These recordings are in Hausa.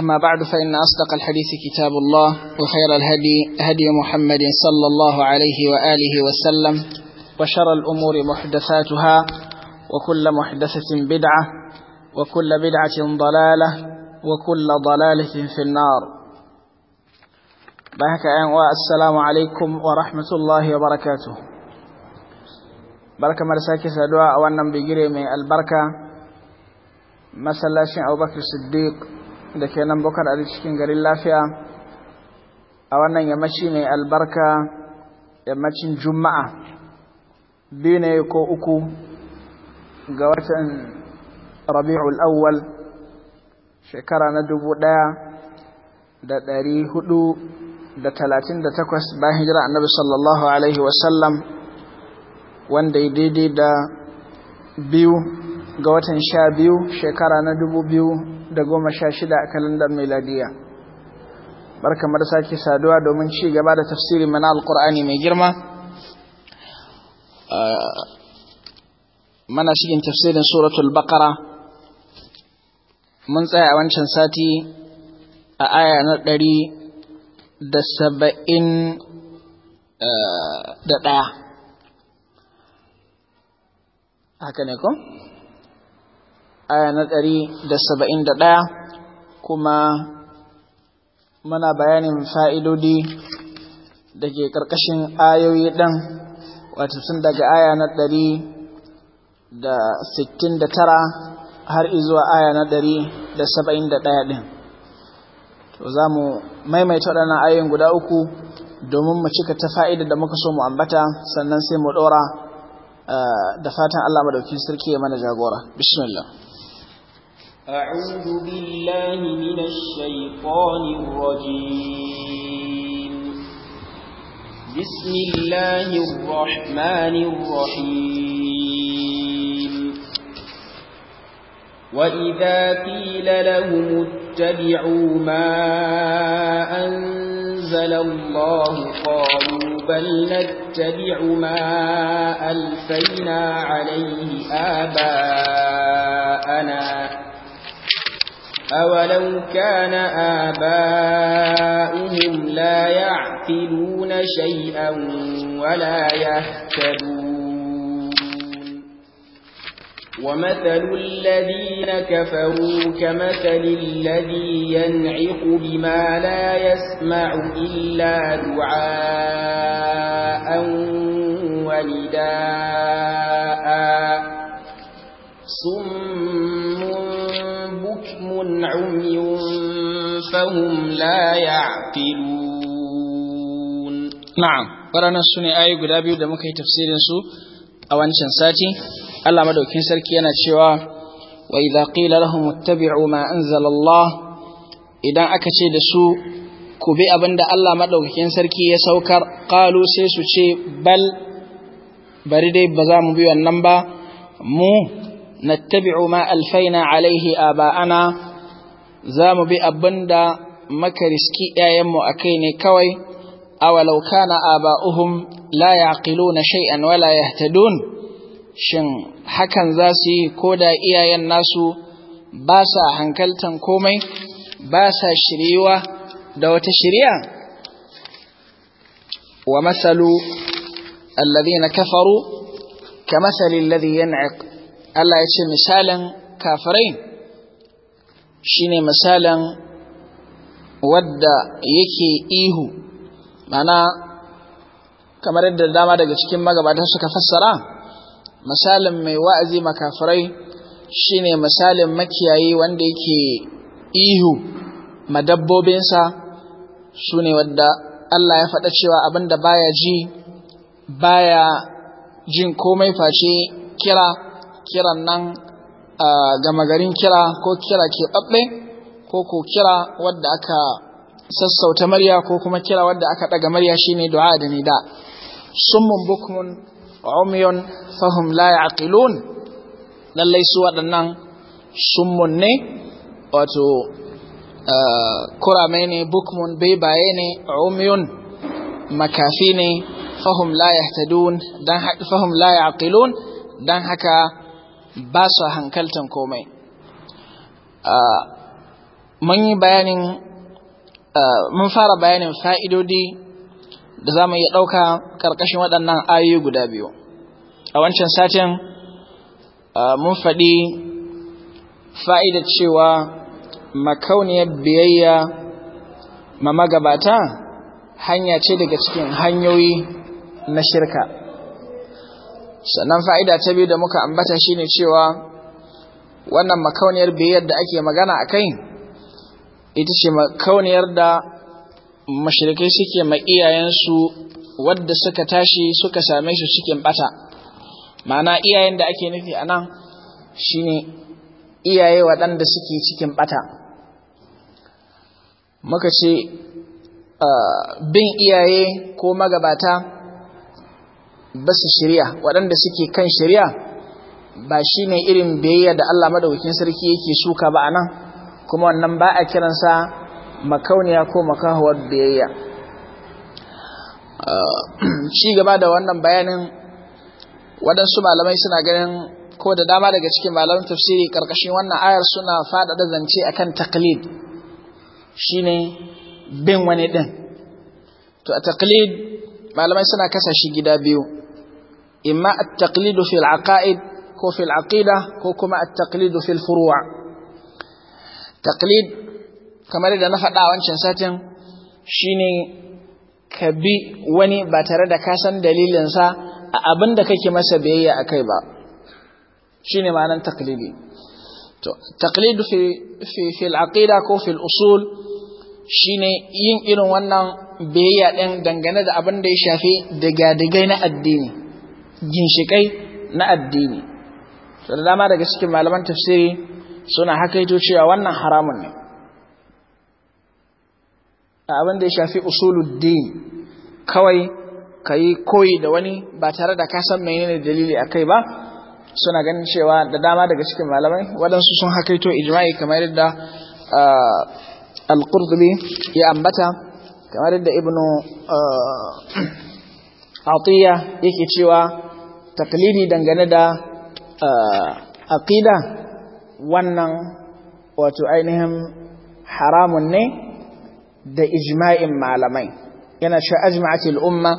أما بعد فإن أصدق الحديث كتاب الله وخير الهدي هدي محمد صلى الله عليه وآله وسلم وشر الأمور محدثاتها وكل محدثة بدعة وكل بدعة ضلالة وكل ضلالة في النار بحك السلام عليكم ورحمة الله وبركاته بركة مرساكي سدعاء وأنم بجري من البركة مسلاشين أو بكر الصديق da ke nan bukar a cikin garin lafiya a wannan yammaci mai albarka yammacin juma'a biyu ne ko uku ga watan rabi'ul awwal shekara na dubu ɗaya da dari hudu da talatin da takwas ba hijira annabi sallallahu alaihi wasallam wanda ya daidai da biyu ga watan sha biyu shekara na dubu biyu da goma sha shida a kalandar meladiya barka da sake saduwa domin ci gaba da tafsiri mana alkur'ani mai girma ah, mana shigin tafsirin suratul bakara mun tsaya a wancan sati a aya na ɗari da saba'in ah, da ɗaya haka ne ko? aya na ɗari da saba'in da ɗaya kuma muna bayanin fa'idodi da ke ƙarƙashin ayoyi ɗan wata sun daga aya na ɗari da sittin da tara har izuwa aya na ɗari da saba'in da ɗaya ɗin to za mu maimaita waɗannan ayoyin guda uku domin mu cika ta fa'ida da muka so mu ambata sannan sai mu ɗora eh, da fatan Allah madaukin sarki mana jagora bismillah أعوذ بالله من الشيطان الرجيم بسم الله الرحمن الرحيم وإذا قيل لهم اتبعوا ما أنزل الله قالوا بل نتبع ما ألفينا عليه آباءنا أولو كان آباؤهم لا يعقلون شيئا ولا يهتدون ومثل الذين كفروا كمثل الذي ينعق بما لا يسمع إلا دعاء ونداء صم عمي فهم لا يعقلون نعم قرانا سوني آية guda biyu da muka yi tafsirin su a wancan sati Allah madaukin sarki yana cewa wa idza qila lahum ittabi'u ma anzala Allah idan aka ce da su ku bi abinda Allah madaukakin sarki ya saukar qalu sai su ce bal bari dai ba za mu bi wannan ba mu nattabi'u ma alfaina alaihi aba'ana za mu bi abin da maka riski ‘ya'yanmu a kai ne kawai, awalau kana aba'uhum la yaqiluna shay'an wala yahtadun shin hakan za su yi ko da iyayen nasu ba sa hankaltan komai ba sa shiriwa da wata shiriya wa masalu na kafaru ka masali alladhi yan'iq Allah ya ce misalin kafirai shine misalin wadda yake ihu mana kamar yadda dama daga cikin magabatan suka fassara misalin mai wa'azi makafirai shine misalin makiyayi wanda yake ihu madabbobinsa su ne wadda Allah ya faɗa cewa abinda baya ji baya jin komai face kira kiran nan gama garin kira ko kira keɓaɓɓe ko ko kira wadda aka sassauta murya ko kuma kira wadda aka ɗaga murya shine du'a da nida summun bukmun umyun fahum la yaqilun lallai su waɗannan summun ne wato kurame ne bukmun bebaye ne umyun makafi ne fahum la yahtadun dan fahum la yaqilun dan haka ba su hankaltan komai mun yi bayanin mun fara bayanin fa'idodi da za mu iya ɗauka ƙarƙashin waɗannan ayoyi guda biyu a wancan satin mun faɗi fa'ida cewa makauniyar biyayya ma magabata hanya ce daga cikin hanyoyi na shirka sannan fa'ida ta biyu da muka ambata shine cewa wannan makauniyar biyar da ake magana a kai ita ce makauniyar da mashirikai suke ma'iyayensu wadda suka tashi suka same su cikin bata ma'ana iyayen da ake nufi a nan ne iyaye waɗanda suke cikin bata muka ce ah, bin iyaye ko magabata su shirya waɗanda suke kan shirya ba shi ne irin biyayya da Allah madaukakin sarki yake shuka ba anan kuma wannan ba a kiransa makauniya ko makahuwar biyayya ah, ci gaba da wannan bayanin waɗansu malamai suna ganin ko da dama daga cikin malamin tafsiri karkashin wannan ayar suna faɗaɗa zance akan taklid shine bin wani ɗin to a taklid malamai suna kasa gida biyu imma at-taqlidu fil aqaid ko fil aqida ko kuma at-taqlidu fil furu' taqlid kamar da na faɗa wancan satin shine ka bi wani ba tare da ka san dalilinsa a abin da kake masa biyayya akai ba shine ma'anar taqlidi to taqlidu fi fi fil aqida ko fil usul shine yin irin wannan biyayya din dangane da abin da ya shafi daga digai na addini ginshikai na addini da dama daga cikin malaman tafsiri suna hakaito cewa wannan haramun ne a abin da ya shafi usuluddin kawai ka yi koyi da wani ba tare da kasan menene dalili a kai ba suna ganin cewa da dama daga cikin malamai waɗansu sun hakaito ijma'i kamar yadda al-qurtubi ya ambata kamar yadda ibnu atiya yake cewa taklidi dangane da aqida wannan wato ainihin haramun ne da ijma'in malamai yana sha ajma'atil umma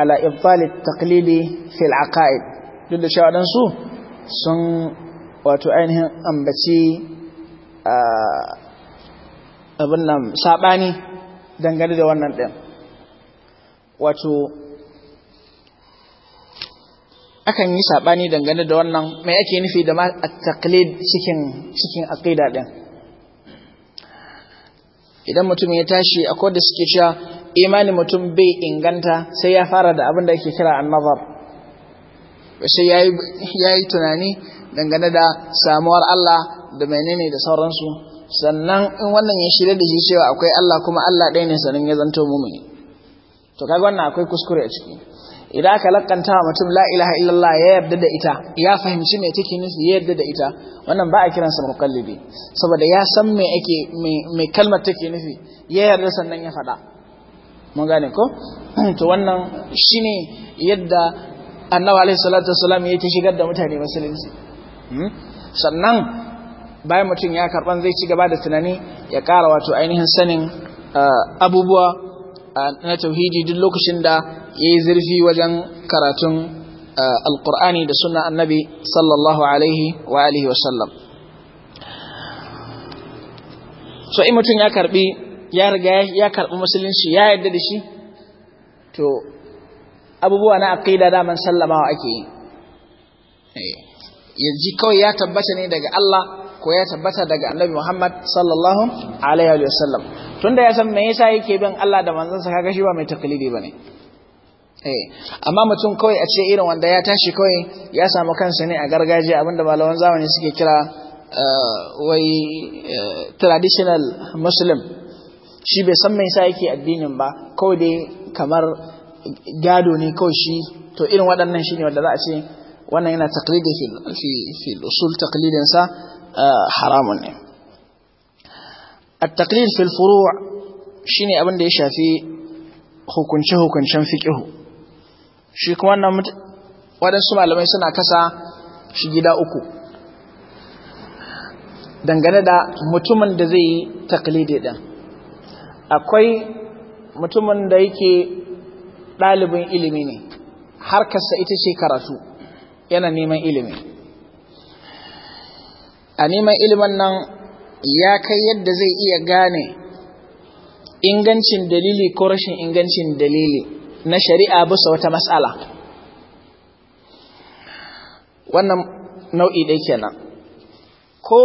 ala ibtali taklidi fil aqaid duk da sha sun wato ainihin ambaci abin nan sabani dangane da wannan din wato akan yi saɓani dangane da wannan mai ake nufi da ma a taklid cikin aƙida ɗin idan mutum ya tashi ko da suke cewa imani mutum bai inganta sai ya fara da abin da ake kira an-nazar sai ya yi tunani dangane da samuwar Allah da menene da sauransu sannan in wannan ya shirya da shi cewa akwai Allah kuma Allah ɗaya ne sanin ya zanto mumini to kaga wannan akwai kuskure a ciki idan aka lakanta mutum la ilaha illallah ya yarda da ita ya fahimci me take nufi ya yarda da ita wannan ba a kiransa muqallidi saboda ya san me yake me kalmar take nufi ya yarda sannan ya faɗa mun gane ko to wannan shine yadda annabi alaihi salatu wasallam ya ta shigar da mutane musulunci hmm? sannan bayan mutum ya karban zai ci gaba da tunani ya kara wato ainihin sanin uh, abubuwa uh, na tauhidi duk lokacin da ya yi zurfi wajen karatun eh, alkur'ani da suna annabi sallallahu alaihi wa alihi sallam. so in mutum ya karbi ya riga ya karbi musulunci ya yadda da shi to abubuwa na aqida daman sallamawa ake yi eh, yanzu kawai ya tabbata ne daga Allah ko ya tabbata daga Annabi Muhammad sallallahu alaihi wa sallam tunda ya san me yasa yake bin Allah da manzon sa kaga shi ba mai taklidi bane Eh, amma mutum kawai a ce irin wanda ya tashi kawai ya samu kansa ne a gargajiya abinda malaman zamani suke kira eh, wai eh, traditional muslim shi bai san mai sa yake addinin ba kawai dai kamar gado ne kawai shi to irin waɗannan shi ne wanda za a ce wannan yana taklidin fi usul taklidinsa haramun ne التقليد في shine abin da ya shafi hukunce-hukuncen fiƙihu shi kuma wannan waɗansu malamai suna kasa shi gida uku dangane da mutumin da zai yi taklidi ɗin akwai mutumin da yake ɗalibin ilimi ne harkarsa ita ce karatu yana neman ilimi a neman ilimin nan ya kai yadda zai iya gane ingancin dalili ko rashin ingancin dalili na shari'a bisa wata matsala wannan nau'i ɗai kenan ko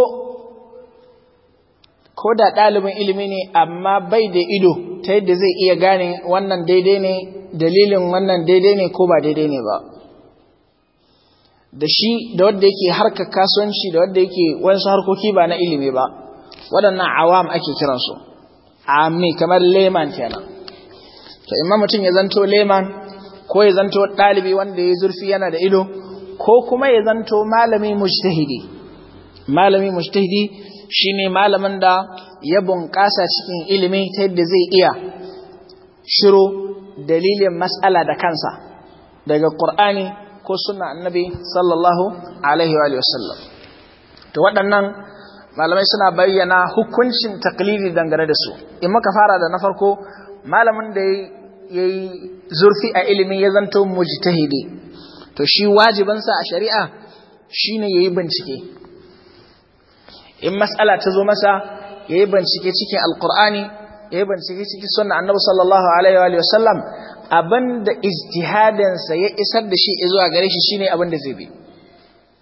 ko da ɗalibin ilimi ne amma bai da ido ta yadda zai iya gane wannan daidai ne dalilin wannan daidai ne ko ba daidai ne ba da shi da wadda yake harkar kasuwanci da wadda yake wasu harkoki ba na ilimi ba waɗannan awam ake kiransu Amin. kamar leman kenan to in mutum ya zanto leman ko ya zanto ɗalibi wanda ya zurfi yana da ido ko kuma ya zanto malami mujtahidi malami mujtahidi shine malamin da ya bunƙasa cikin ilimi ta yadda zai iya shiru dalilin mas'ala da kansa daga Qur'ani ko sunna annabi sallallahu alaihi wa sallam to waɗannan malamai suna bayyana hukuncin taklidi dangane da su in muka fara da na farko malamin da ya yayi zurfi a ilimi ya zanto mujtahidi to shi wajibansa a shari'a shine yayi bincike in mas'ala ta zo masa yayi bincike cikin alqur'ani yayi bincike cikin sunna annabi sallallahu alaihi wa abinda ijtihadinsa ya isar da shi zuwa gare shi shine abinda zai bi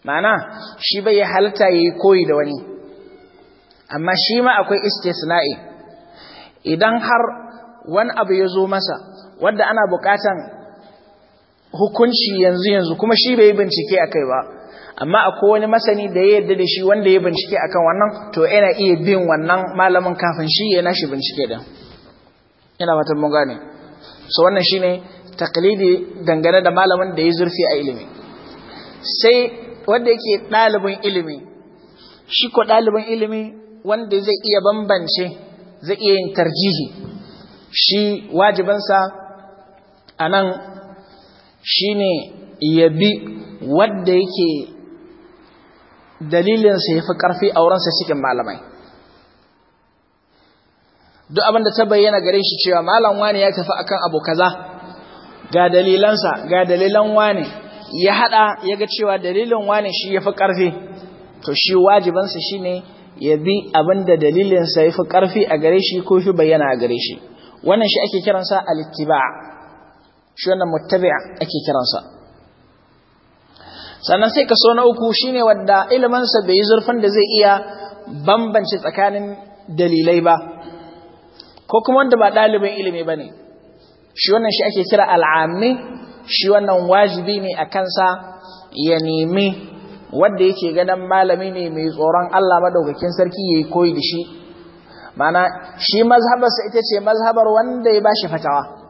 ma'ana shi bai halatta yayi koyi da wani amma shi ma akwai istisna'i idan har wani abu ya zo masa wadda ana buƙatan hukunci yanzu yanzu kuma shi bai bincike akai ba amma akwai wani masani da ya yarda da shi wanda ya bincike akan wannan to yana iya bin wannan malamin kafin shi ya nashi bincike din ina fatan mun gane so wannan shine taqlidi dangane da malamin da ya zurfi a ilimi sai wanda yake ɗalibin ilimi shi ko ɗalibin ilimi wanda zai iya bambance zai iya yin tarjihi shi wajibansa a nan shi ne yabi wanda yake dalilinsa ya fi ƙarfi a wurinsa cikin malamai duk abinda ta bayyana gare shi cewa malam wani ya tafi akan abu kaza ga dalilansa ga dalilan wani ya hada ya ga cewa dalilin wani shi ya fi ƙarfi to shi wajibansa shi ne ya bi abinda dalilinsa ya fi ƙarfi a gare shi ko fi bayyana a gare shi wannan shi ake kiransa alittiba'a shi wannan muttabi'a ake kiransa sannan sai kaso na uku shine wanda ilimansa bai yi zurfin da zai iya bambance tsakanin dalilai ba ko kuma wanda ba ɗalibin ilimi ba ne shi wannan shi ake kira al'ammi shi wannan wajibi ne a kansa ya nemi wanda yake ganin malami ne mai tsoron Allah madaukakin sarki ya yi koyi da shi mana shi mazhabarsa ita ce mazhabar wanda ya ba shi fatawa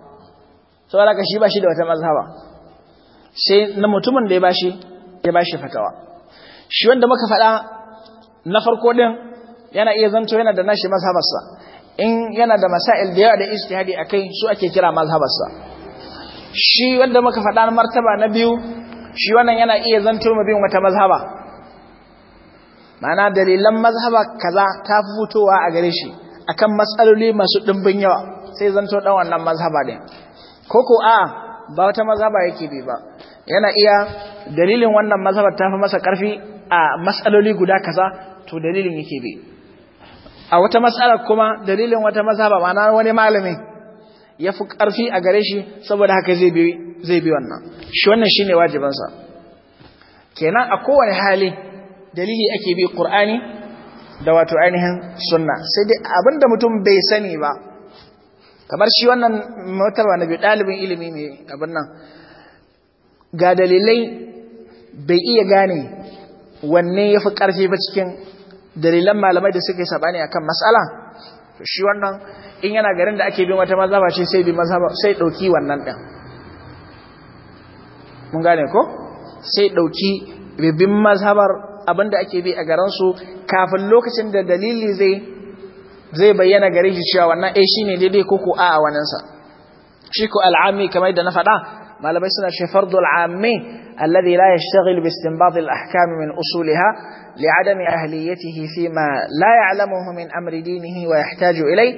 Sau ka shi ba shi da wata mazhaba sai na mutumin da ya bashi ya bashi fatawa shi wanda muka faɗa na farko din yana iya zanto yana da nashi mazhabarsa in yana da masail da yawa da a akai su ake kira mazhabarsa shi wanda muka faɗa martaba na biyu shi wannan yana iya zanto mu bin wata mazhaba mana dalilan mazhaba kaza ta fitowa a gare shi akan matsaloli masu dimbin yawa sai zanto dan wannan mazhaba din koko a'a ba wata mazhaba yake bi ba yana iya dalilin wannan mazhabar ta fi masa karfi a matsaloli guda kaza to dalilin yake bi a wata matsalar kuma dalilin wata mazhaba na wani malami ya fi karfi a gare shi saboda haka zai bi zai bi wannan shi wannan shine wajibansa kenan a kowane hali dalili ake bi ƙur'ani da wato ainihin sunna sai dai abinda mutum bai sani ba kamar shi wannan motarwa na biyu ɗalibin ilimi ne abin nan ga dalilai bai iya gane wanne ya fi ƙarfi ba cikin dalilan malamai da suka yi saɓani akan matsala shi wannan in yana garin da ake bin wata mazaba ce sai bi mazaba sai ɗauki wannan ɗin mun gane ko sai ɗauki bibin abin abinda ake bi a garinsu kafin lokacin da dalili zai zai bayyana gare shi cewa wannan eh shine daidai koko ko a wannan sa shi ko al'ami kamar da na faɗa malamai suna shi fardul ammi alladhi la yashtaghil bi istinbat al ahkam min usuliha li adami ahliyatihi fi ma la ya'lamuhu min amri dinihi wa yahtaju ilay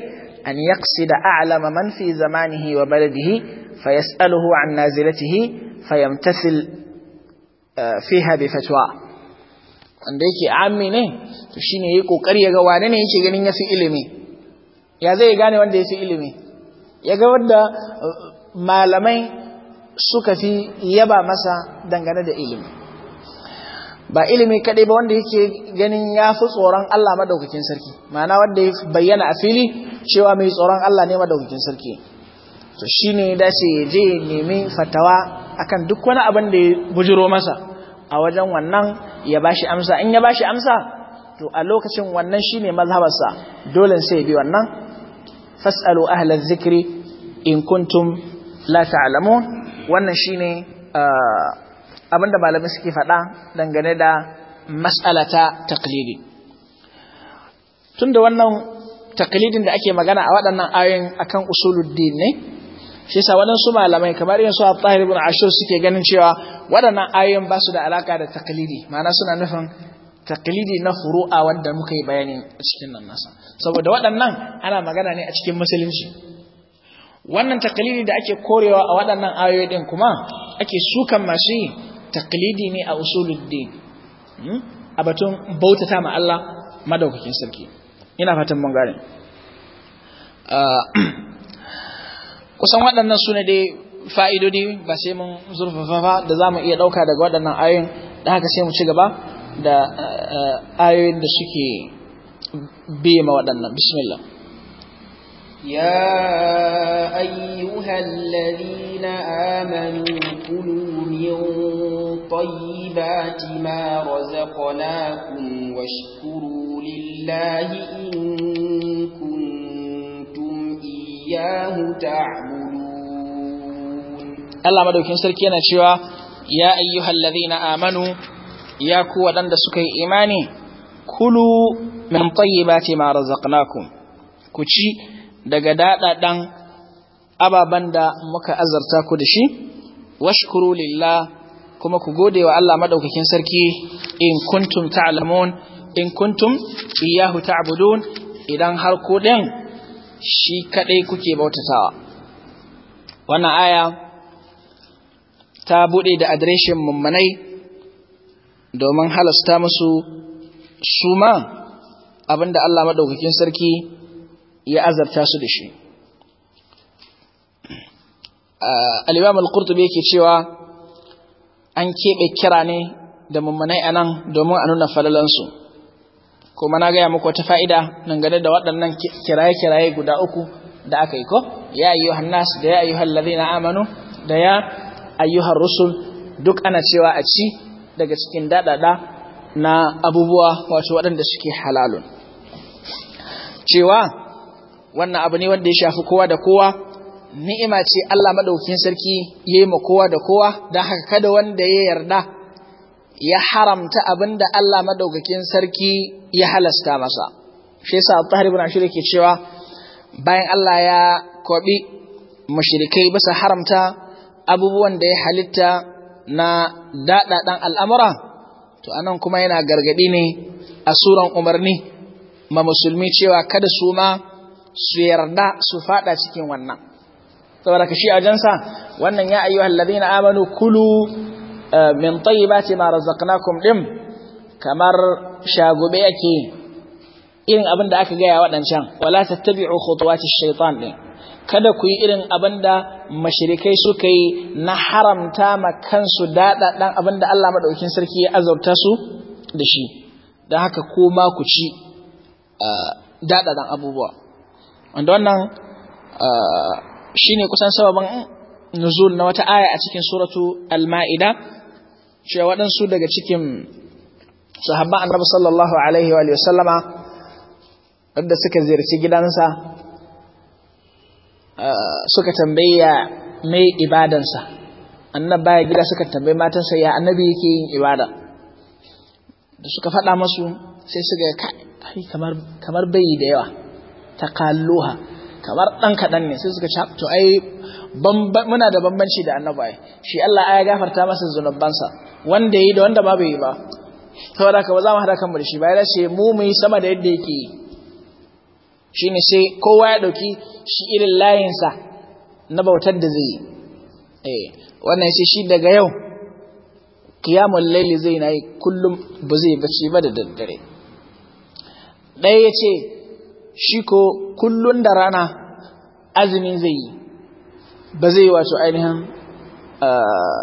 an ilayhi a'lam man fi zamanihi wa baladihi fayas'aluhu an nazilatihi fayamtasil fiha bi fatwa wanda yake ammi ne to shine yayi kokari ya ga wane ne yake ganin ya fi ilimi ya zai gane wanda ya fi ilimi ya ga wanda uh, malamai suka fi yaba masa dangane da ilimi ba ilimi kadai ba wanda yake ganin ya fi tsoron Allah madaukakin sarki ma'ana wanda ya bayyana a fili cewa mai tsoron Allah ne madaukakin sarki to shine da sai ya je nemi fatawa akan duk wani abin da ya bujiro masa a wajen wannan ya bashi amsa in ya bashi amsa to a lokacin wannan shine mazhabarsa dole sai bi wannan fasalu ahla zikri in kuntum la ta'lamun wannan shine ah, abinda malamai suke faɗa dangane da mas'alata taqlidi tunda wannan taqlidin da ake magana a waɗannan ayoyin akan usuluddin ne shi yasa waɗansu malamai kamar yin su a tahir ibn ashur suke ganin cewa waɗannan ayoyin ba su da alaka da taklidi ma'ana suna nufin taklidi na furu'a wanda muka yi bayani a cikin nan nasa saboda waɗannan ana magana ne a cikin musulunci wannan taklidi da ake korewa a waɗannan ayoyi din kuma ake sukan masu yi taklidi ne a usuluddin hmm? a batun bautata ma Allah madaukakin sarki ina fatan mun gane ah, kusan waɗannan su ne dai fa'idodi ba sai mun zurfafa ba da za mu iya ɗauka daga waɗannan ayoyin da haka sai mu ci gaba da eh, ayoyin da suke biye ma waɗannan bismillah يا أيها الذين آمنوا كلوا من طيبات ما رزقناكم واشكروا لله iyyahu ta'budun Allah madaukin sarki yana cewa ya ayyuhallazina amanu ya ku wadanda suka yi imani kulu min tayyibati ma razaqnakum ku ci daga dadadan ababan da muka azarta ku da shi washkuru lillah kuma ku gode wa Allah madaukakin sarki in kuntum ta'lamun in kuntum iyyahu ta'budun idan har ku din shi kaɗai kuke bautatawa wannan aya ta bude da adireshin mummanai domin halasta musu suma abinda Allah madaukakin sarki ya azarta su da shi al-imam al yake cewa an keɓe kira ne da mummanai anan domin a nuna falalansu kuma na gaya muku wata fa'ida nan dangane da waɗannan kiraye-kiraye guda uku da aka yi ko ya ayyu hannas da ya ayyuhal ladina amanu da ya ayyuhar rusul duk ana cewa a ci daga cikin daɗaɗa na abubuwa wato waɗanda suke halalun cewa wannan abu ne wanda ya shafi kowa da kowa ni'ima ce Allah maɗaukin sarki yayi ma kowa da kowa dan haka kada wanda ya yarda ya haramta abinda Allah madaukakin sarki ya halasta masa shi yasa Tahir ibn Ashir yake cewa bayan Allah ya kwabi mushrikai bisa haramta abubuwan da ya halitta na dadadan al'amura to anan kuma yana gargadi ne a suran umarni ma musulmi cewa kada su ma su yarda su fada cikin wannan saboda ka shi a wannan ya ayyuhal ladina amanu kulu min tayyibati ma razaqnakum din kamar shagube yake irin abin da aka gaya waɗancan wala tattabi'u khutuwati shaytan din kada ku yi irin abin da suka yi na haramta ma kansu daɗaɗɗan abin da Allah maɗaukin sarki ya azurta su da shi dan haka ko ma ku ci dan abubuwa wanda wannan shi kusan sababin nuzul na wata aya a cikin suratu al-ma'ida cewa waɗansu daga cikin sahabba annabi sallallahu alaihi wa sallama wadda suka ziyarci gidansa eh, suka tambaye ya mai ibadansa Annan baya gida suka tambaye matansa ya annabi yake yin ibada da suka faɗa masu sai suka kai kamar kamar bai da yawa kalluha kamar dan kaɗan ne sai suka ce to ai muna da bambanci da annabi shi Allah ya gafarta masa zunubansa wanda yi da wanda ba bai yi ba saboda ka ba za mu hada kanmu da shi ba mu mu sama da yadda yake yi shine sai kowa ya dauki shi irin layinsa na bautar da zai eh wannan sai shi daga yau qiyamul layli zai nayi yi kullum ba zai bace ba da daddare ɗaya yace shi ko kullum da rana azumin zai yi ba zai wato ainihin ah,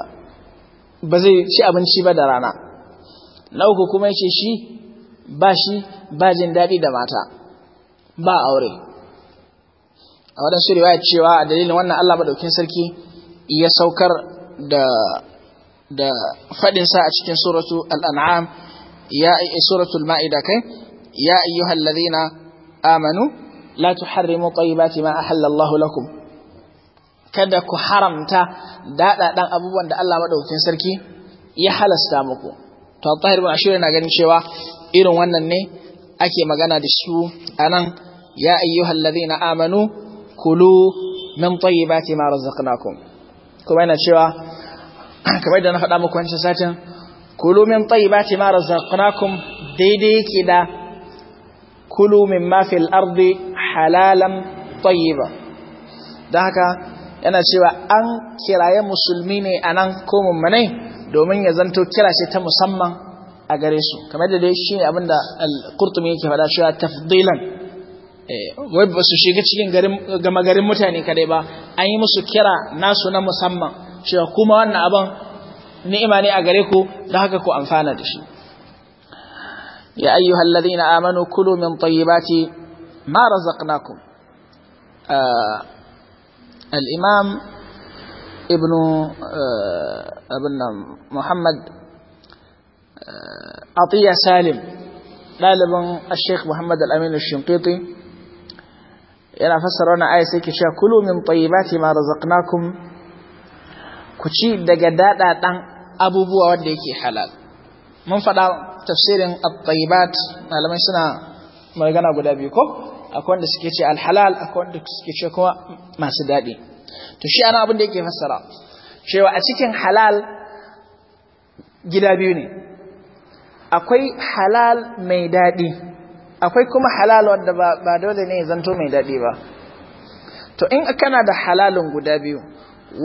ba zai ci abinci ba da rana na uku kuma yace shi ba shi ba jin daɗi da mata ba aure a waɗansu riwaya cewa a dalilin wannan Allah maɗaukin sarki ya saukar da da faɗinsa a cikin suratu al'an'am ya suratu ma'ida kai ya ayyuhal ladina amanu la tuharrimu tayyibati ma ahallallahu lakum kada ku haramta daɗaɗan abubuwan da Allah maɗaukin sarki ya halasta muku to Tahir ibn Ashur yana ganin cewa irin wannan ne ake magana da su a nan ya ayyuhal ladina amanu kulu min tayyibati ma razaqnakum kuma yana cewa kamar da na faɗa muku wancan satin kulu min tayyibati ma razaqnakum daidai yake da kulu min ma fil ardi halalan ba. don haka yana cewa an kiraye musulmi ne a nan ko mummane domin ya zanto kira ce ta musamman a gare su kamar da dai shi ne abin da al yake faɗa cewa tafdilan eh, wai ba su shiga cikin gama garin mutane kadai ba an yi musu kira nasu na musamman cewa kuma wannan abin ni'ima ne a gare ku da haka ku amfana da shi ya ayyuhal ladina amanu kulu min tayyibati ma razaqnakum ah, الإمام ابن ابن محمد عطية سالم ɗaliban الشيخ محمد الأمين الشنقيطي yana fassara wannan aya sai ke cewa kulu min tayyibati ma razaqnakum ku ci daga dada abubuwa wanda yake halal mun faɗa tafsirin at malamai suna magana guda biyu ko akwai wanda suke ce alhalal akwai wanda suke ce kuma masu daɗi to shi ana abin da yake fassara cewa a cikin halal gida biyu ne akwai halal mai daɗi akwai kuma halal wanda ba dole ne ya zanto mai daɗi ba to in kana da halalin guda biyu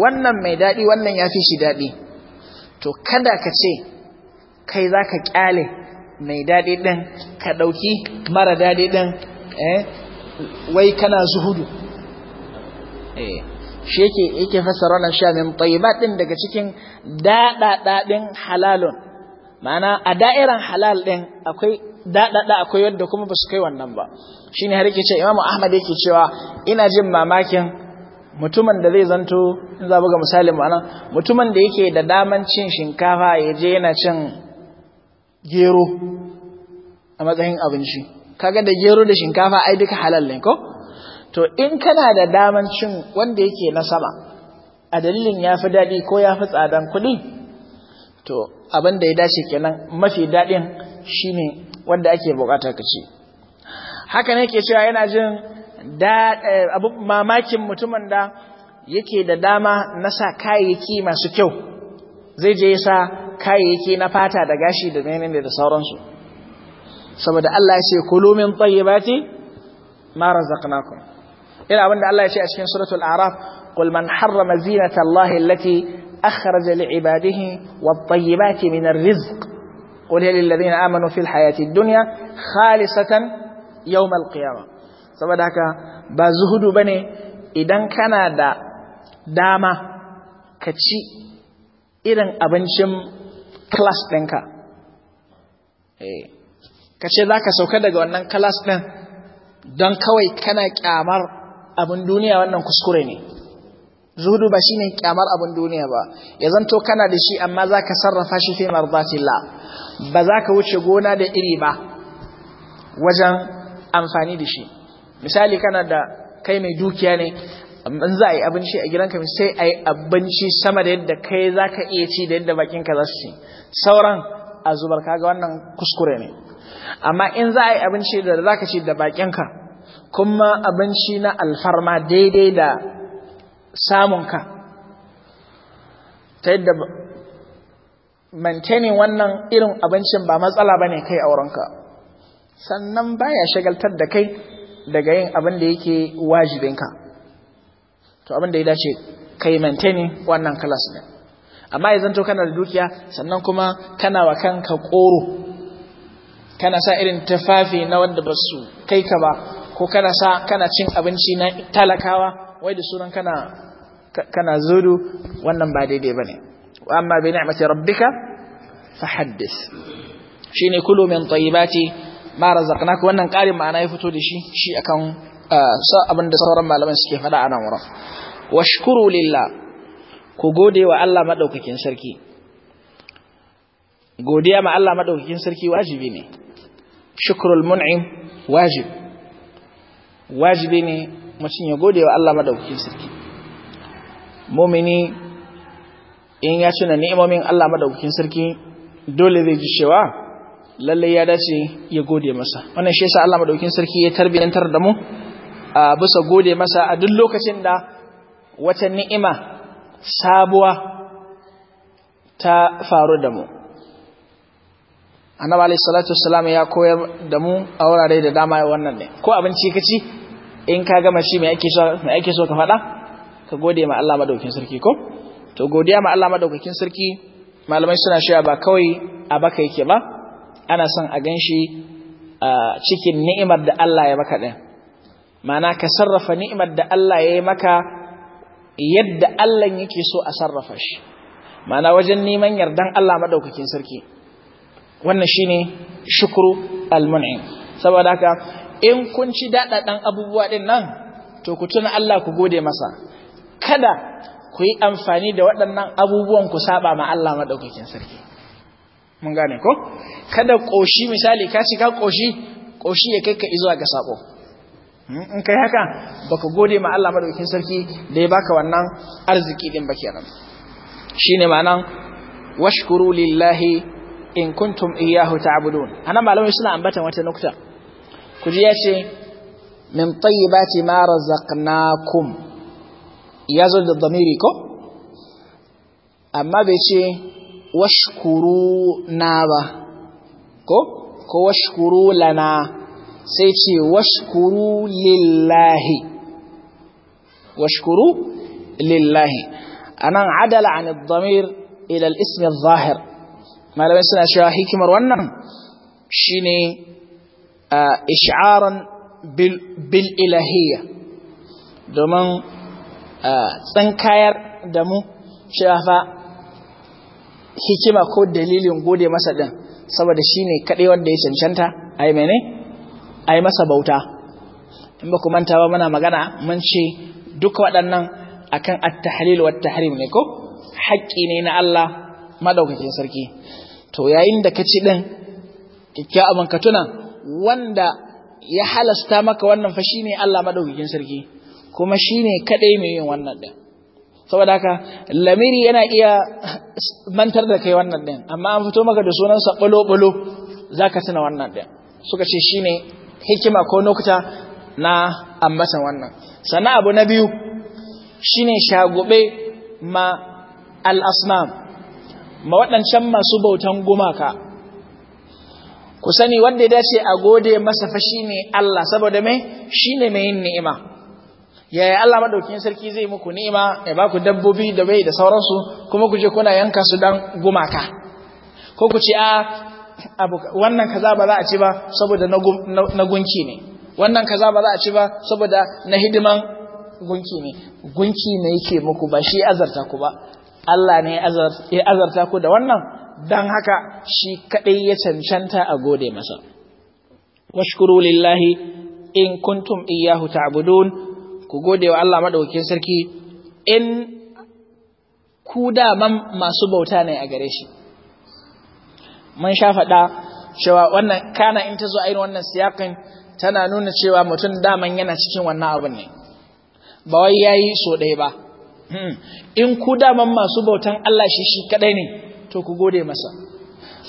wannan mai daɗi wannan ya fi shi daɗi to kada ka ce kai za ka ƙyale mai daɗi ɗin ka ɗauki mara daɗi ɗin eh wai kana zuhudu eh shi yake yake fasara wannan sha min tayyibat daga cikin dada din halalun ma'ana a da'iran halal din akwai daɗaɗa akwai yadda kuma ba su kai wannan ba shine har yake ce Imam Ahmad yake cewa ina jin mamakin mutumin da zai zanto in za buga misalin ma'ana mutumin da yake da daman cin shinkafa ya je yana cin gero a matsayin abinci kaga da gero da shinkafa ai duka halal ne ko to in kana da daman cin wanda yake na sama a dalilin ya fi daɗi ko ya fi tsadan kuɗi to abin da ya dace kenan mafi daɗin shine wanda ake buƙatar ka ci haka ne ke cewa yana jin eh, mamakin mutumin da yake da dama na sa kayayyaki masu kyau zai je ya sa kayayyaki na fata da gashi da nene da sauransu saboda Allah ya ce kulu min tayyibati ma razaqnakum ina abinda Allah ya ce a cikin suratul a'raf qul man harrama zinata allahi allati akhraja li ibadihi wat tayyibati min arrizq qul lil ladina amanu fil hayati dunya khalisatan yawm al qiyamah saboda haka ba zuhudu bane idan kana da dama ka ci irin abincin class ɗinka eh ka ce za ka sauka daga wannan kalas ɗin don kawai kana kyamar abin duniya wannan kuskure ne zuhudu ba shi ne kyamar abin duniya ba ya zanto kana da shi amma za ka sarrafa shi fi mardatillah ba za ka wuce gona da iri ba wajen amfani da shi misali kana da kai mai dukiya ne in za a yi abinci a gidanka sai a yi abinci sama da yadda kai za ka iya ci da yadda bakinka za su ci sauran a zubar kaga wannan kuskure ne amma in za a yi abinci da za ka ci da bakinka kuma abinci na alfarma daidai da samunka ta yadda maintaining wannan irin abincin ba matsala ba ne kai aurenka sannan baya shagaltar da kai daga yin abin da yake wajibinka to abin da ya dace kai maintaining wannan kalas ne amma ya zanto kana da dukiya sannan kuma kana wa kanka koro kana sa irin tafafi na wanda ba su kai ka ba ko kana sa kana cin abinci na talakawa wai da sunan kana kana zudu wannan ba daidai bane wa amma bi ni'mati rabbika fahaddis shine kulu min tayyibati ma razaqnaku wannan ƙarin ma'ana ya fito da shi shi akan sa abinda sauran malaman suke faɗa a nan wurin washkuru lillah ku gode wa Allah madaukakin sarki godiya ma Allah madaukakin sarki wajibi ne shukrul mun'im wajib wajibi ne mutum ya gode wa Allah madaukakin sarki mumini in ya tuna ni'imomin Allah madaukakin sarki dole zai ji cewa lalle ya dace ya gode masa wannan shi yasa Allah madaukakin sarki ya tarbiyantar da mu a bisa gode masa a duk lokacin da wata ni'ima sabuwa ta faru da mu annabi alaihi salatu wassalam ya koyar da mu a wurare da dama wannan ne ko abinci ka ci in ka gama shi me ake so ake so ka faɗa ka gode ma Allah madaukakin sarki ko to godiya ma Allah madaukakin sarki malamai suna shaya ba kawai a baka yake ba ana son a ganshi cikin ni'imar da Allah ya maka din ma'ana ka sarrafa ni'imar da Allah ya yi maka yadda Allah yake so a sarrafa shi ma'ana wajen neman yardan Allah madaukakin sarki wannan shine shukru almun'im saboda haka in kun ci dadadan abubuwa din nan to ku tuna Allah ku gode masa kada ku yi amfani da waɗannan abubuwan ku saba ma Allah madaukakin sarki mun gane ko kada koshi misali ka shiga koshi koshi ya kai ka zuwa ga sabo hmm, in kai haka baka gode ma Allah madaukakin sarki da ya baka wannan arziki din ba kenan shine ma'anan washkuru lillahi in kuntum iyyahu ta'budun anan malamai suna ambatan wata nukta kuji yace min tayyibati ma razaqnakum yazo da damiri ko amma bai ce washkuru na ba ko ko washkuru lana sai ce washkuru lillahi washkuru lillahi anan adala an ad-damir ila al-ism adh-dhahir malamai suna cewa hikimar wannan shine ish'aran bil ilahiyya domin tsinkayar da mu cewa hikima ko dalilin gode masa din saboda shine kadai wanda ya cancanta ai mene ai masa bauta in ba ku manta ba muna magana mun ce duka waɗannan akan at-tahlil wa at-tahrim ne ko haƙƙi ne na Allah madaukakin sarki to yayin da ka ci din kyakkyawan ka tuna wanda ya halasta maka wannan fa shine Allah madaukakin sarki kuma shine kadai mai yin wannan din saboda haka lamiri yana iya mantar da kai wannan din amma an fito maka da sunan sa bulo bulo zaka tuna wannan din suka ce shine hikima ko nokta na ambatan wannan sana abu na biyu shine shagube ma al-asnam ma waɗancan masu bautan gumaka ku sani wanda ya dace a gode masa fa ne Allah saboda me ne mai yin ni'ima yaya Allah maɗaukin sarki zai muku ni'ima ya baku dabbobi da bai da sauransu kuma ku je kuna yanka su dan gumaka ko ku ce a wannan kaza ba za a ci ba saboda na gunki ne wannan kaza ba za a ci ba saboda na hidiman gunki ne gunki ne yake muku ba shi azarta ku ba Allah ne ya azarta ku da wannan don haka shi kaɗai ya cancanta a gode masa. Washkuru lillahi in kuntum iyahu ta'budun ku gode wa Allah maɗaukin sarki in ku daman masu bauta ne a gare shi. Mun sha faɗa cewa wannan kana in ta zo a yin wannan siyakin tana nuna cewa mutum daman yana cikin wannan abin ne. Ba wai yayi yi so ɗaya ba. Hmm. in ku daman masu bautan Allah shi shi kadai ne to ku gode masa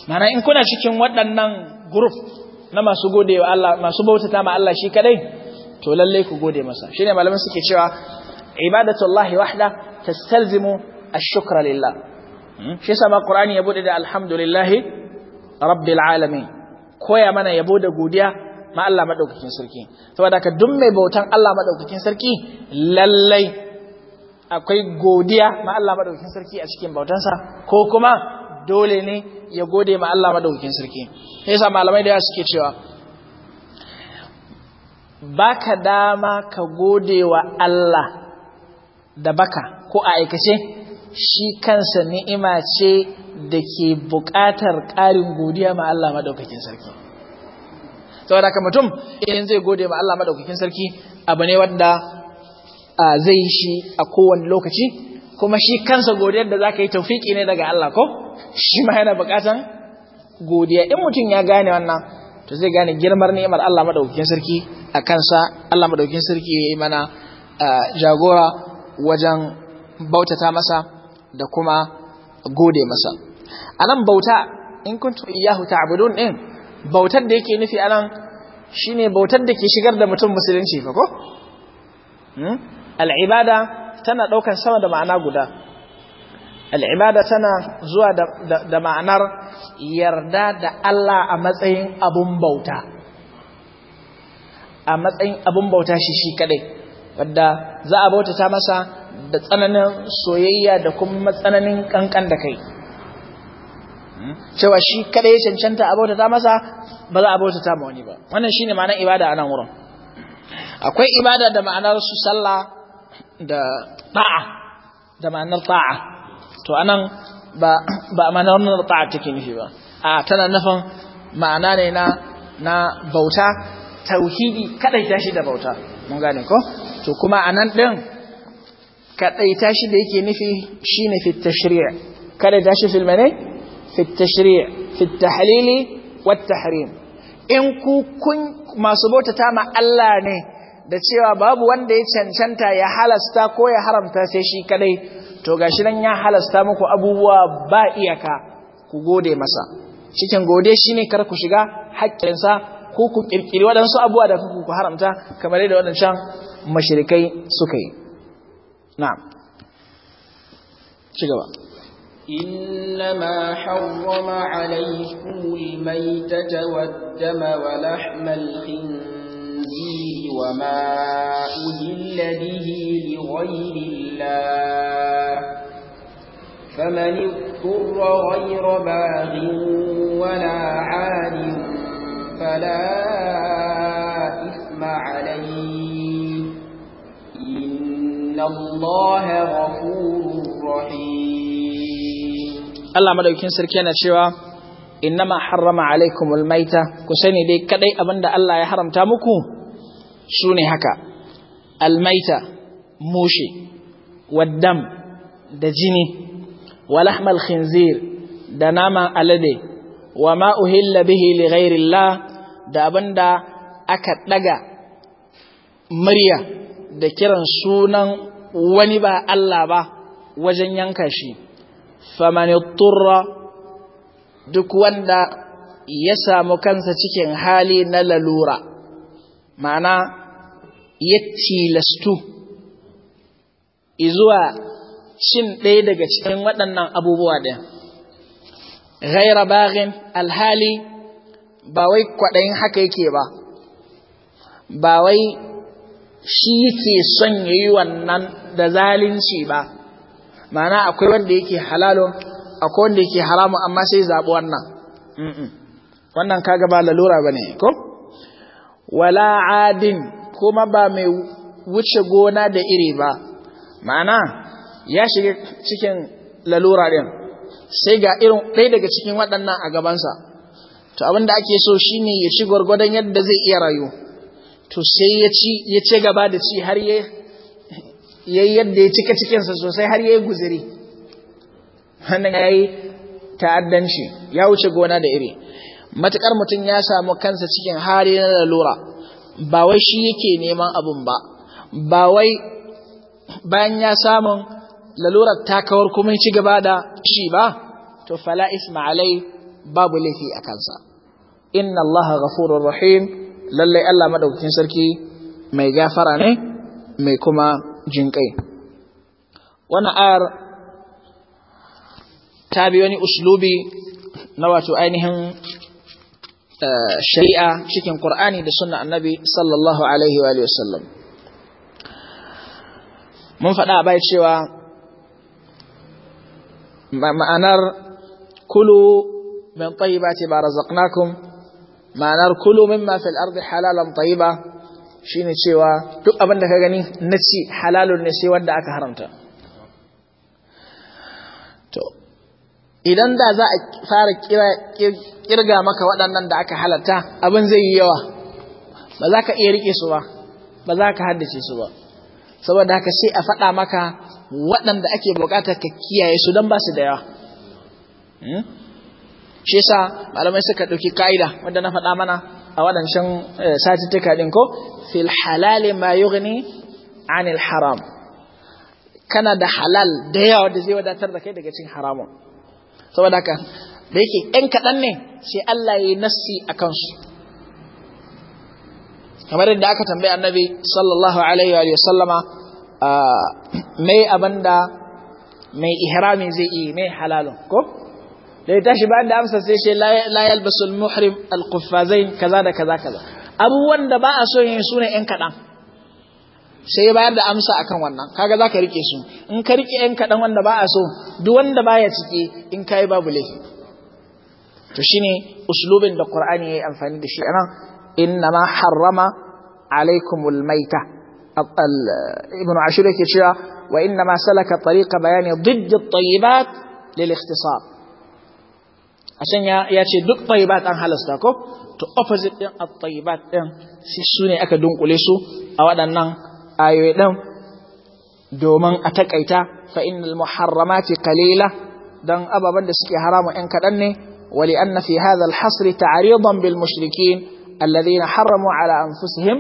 mana in kuna cikin waɗannan group na masu gode wa Allah masu bautata ma Allah shi kadai to lalle ku gode masa shine malaman suke cewa ibadatullahi wahda tastalzimu ash-shukra lillah hmm. shi yasa ma qur'ani ya bude da alhamdulillahi rabbil alamin koya mana yabo da godiya ma Allah madaukakin sarki saboda ka dun mai bautan Allah madaukakin sarki lallai akwai godiya ma Allah madaukakin sarki a cikin bautansa ko kuma dole ne ya gode ma Allah madaukakin sarki sa malamai da suke cewa baka dama ka gode wa Allah da baka ko a aikace shi kansa ni'ima ce da ke buƙatar ƙarin godiya ma Allah madaukakin sarki saboda ka mutum in zai gode ma Allah madaukakin sarki abu ne wanda zai yi shi a kowane lokaci kuma shi kansa godiyar da zaka yi tawfiki ne daga Allah ko shi ma yana bukatan godiya in mutum ya gane wannan to zai gane girmar ni'imar Allah madaukakin sarki a kansa Allah madaukakin sarki ya yi mana jagora wajen bautata masa da kuma gode masa anan bauta in kuntu iyyahu ta'budun din bautar da yake nufi anan shine bautar da ke shigar da mutum musulunci fa ko hmm? al'ibada tana ɗaukar sama da ma'ana guda al'ibada tana zuwa da ma'anar yarda da Allah a matsayin abun bauta a matsayin abun bauta shi shi kadai wadda za a bautata masa da tsananin soyayya da kuma tsananin kankan da kai hmm? cewa shi kadai cancanta a bautata masa ba za a bautata ma wani ba wannan shine ma'anar ibada a nan wurin akwai ibada da ma'anar su sallah da ta'a da ma'anar ta'a to anan ba ba ma'anar ta'a take nufi ba a tana nufin ma'ana ne na bauta tauhidi kadaita shi da bauta mun gane ko to kuma anan ɗin kadaita shi da yake nufi shine fita tashri' kadaita shi fil ne? Fita tashri' Fita halili, wat harin. in ku kun masu bautata ma Allah ne da cewa babu wanda ya cancanta ya halasta ko ya haramta sai shi kadai to gashi nan ya halasta muku abubuwa ba iyaka ku gode masa cikin gode shine kar ku shiga haƙƙinsa ko ku kirkiri wadansu abubuwa da ku haramta kamar yadda waɗancan mashirikai suka yi na'am ci gaba إنما حرم عليكم الميتة والدم ولحم الخنزير فيه وما أهل به لغير الله فمن اضطر غير باغ ولا عاد فلا إثم عليه إن الله غفور رحيم Allah madaukin sarki na cewa innama harrama alaikumul maita ku sani dai kadai abinda Allah ya haramta muku su ne haka almaita mushe waddam da jini walahmal khinzir da naman alade wa ma'uhilla bihi li ghairillah da abinda aka daga murya da kiran sunan wani ba Allah ba wajen yanka shi famanitturra duk wanda ya samu kansa cikin hali na lalura ma'ana ya tilastu izuwa cin ɗaya daga cikin waɗannan abubuwa daya. Gaira baghin alhali ba wai kwaɗayin haka yake ba ba wai shi yake son ya yi wannan da zalunci ba Mana akwai wanda yake halalo, akwai wanda yake haramu amma sai zaɓi wannan wannan kaga ba lalura ba ko wala adin kuma ba mai wuce gona da iri ba ma'ana ya shiga cikin lalura din, sai ga irin ɗaya daga cikin waɗannan a gabansa to abin da ake so shine ya ci gwargwadon yadda zai iya rayu to sai ya ci ya ce gaba da ci har ya yi yadda ya cika cikinsa sosai har ya yi guziri wannan ya yi ta'addanci ya wuce gona da iri matuƙar mutum ya samu kansa cikin hari na lalura ba wai shi yake neman abin ba ba wai bayan ya samun lalurar takawar kuma ci gaba da shi ba to fala isma alai babu laifi a kansa inna allaha ghafurur rahim lallai Allah madaukakin sarki mai gafara ne mai kuma jinƙai wannan ayar ta bi wani uslubi na wato ainihin Eh, shari'a cikin ƙur'ani da sunna annabi sallallahu alaihi wa sallam mun faɗa bai cewa ma'anar kulu min tayyibati ma razaqnakum ma'anar kulu mimma fil ardi halalan tayyiba shine cewa duk abin da ka gani na ci halalun ne sai wanda aka haramta idan da za a fara kirga maka waɗannan da aka halarta, abin zai yi yawa ba za ka iya rike su ba ba za ka haddace su ba saboda haka sai a faɗa maka waɗanda ake buƙatar ka kiyaye su don ba su da yawa hmm? shi sa malamai suka ɗauki ka'ida wanda na faɗa mana a waɗancan eh, satuttuka ɗin ko fil halal ma yughni anil haram kana da halal da yawa da zai wadatar da kai daga cin haramun saboda haka da yake ‘yan kaɗan ne sai Allah ya yi nassi a kansu kamar yadda aka tambayi annabi sallallahu alaihi wa sallama mai abinda mai ihrami zai yi mai halalun ko da ya tashi bayan da amsa sai shi la yalbasul muhrim alquffazain kaza da kaza kaza abubuwan da ba a so yin sune ‘yan kaɗan sai bayar da amsa akan wannan kaga zaka rike su in ka rike yan kadan wanda ba a so duk wanda baya cike in kai babu laifi to shine uslubin da Qur'ani yayi amfani da shi anan inna ma harrama alaikumul maita ibn ashur yake cewa wa inna salaka tariqa bayani didd at-tayyibat lil ikhtisar ashan ya ce duk tayyibat an halasta ko to opposite din at-tayyibat din shi sune aka dunkule su a waɗannan ayoyi ɗin domin a taƙaita fa innal muharramati kalila don ababan da suke haramu yan kaɗan ne wali anna fi hadha al-hasr ta'ridan bil mushrikin alladhina harramu ala anfusihim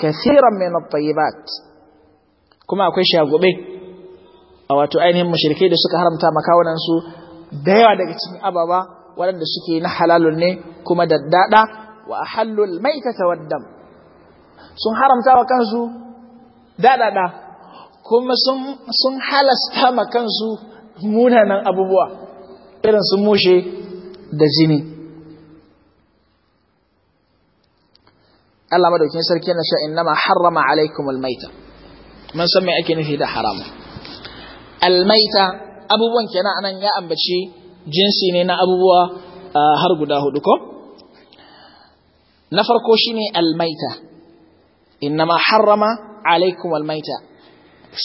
kathiran mai at-tayyibat kuma akwai shagube a wato ainihin mushrikai da suka haramta makawunansu da yawa daga cikin ababa waɗanda suke na halalun ne kuma daddaɗa wa a maitata ta tawaddam sun haramta wa kansu daɗaɗa kuma sun halasta ma kansu munanan abubuwa irin su mushe da jini Allah madaukin sarki na sha innama harrama alaikum almaita mun san me ake nufi da haramu almaita abubuwan kenan anan ya ambaci jinsi ne na abubuwa har guda hudu ko na farko shine almaita innama harama. alaikum almaita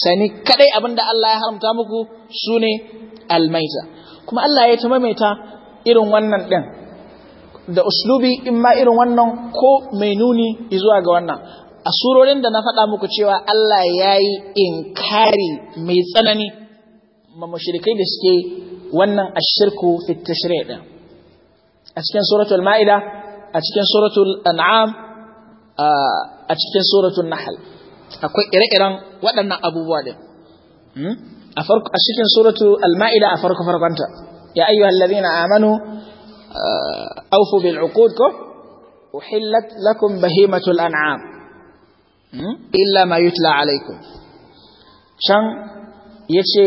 sani kadai abinda Allah ya haramta muku sune almaita kuma Allah ya ta maimaita irin wannan din da uslubi in ma irin wannan ko mai nuni zuwa ga wannan a surorin da na faɗa muku cewa Allah ya yi inkari mai tsanani ma mashirikai da suke wannan ashirku fit tashri' din a cikin suratul ma'ida a cikin suratul an'am a cikin suratul nahl akwai ire-iren waɗannan abubuwa din a farko a cikin suratu al-ma'ida a farko farkonta ya ayyuhal ladina amanu awfu bil uqud ko uhillat lakum bahimatul an'am illa ma yutla alaykum shan yace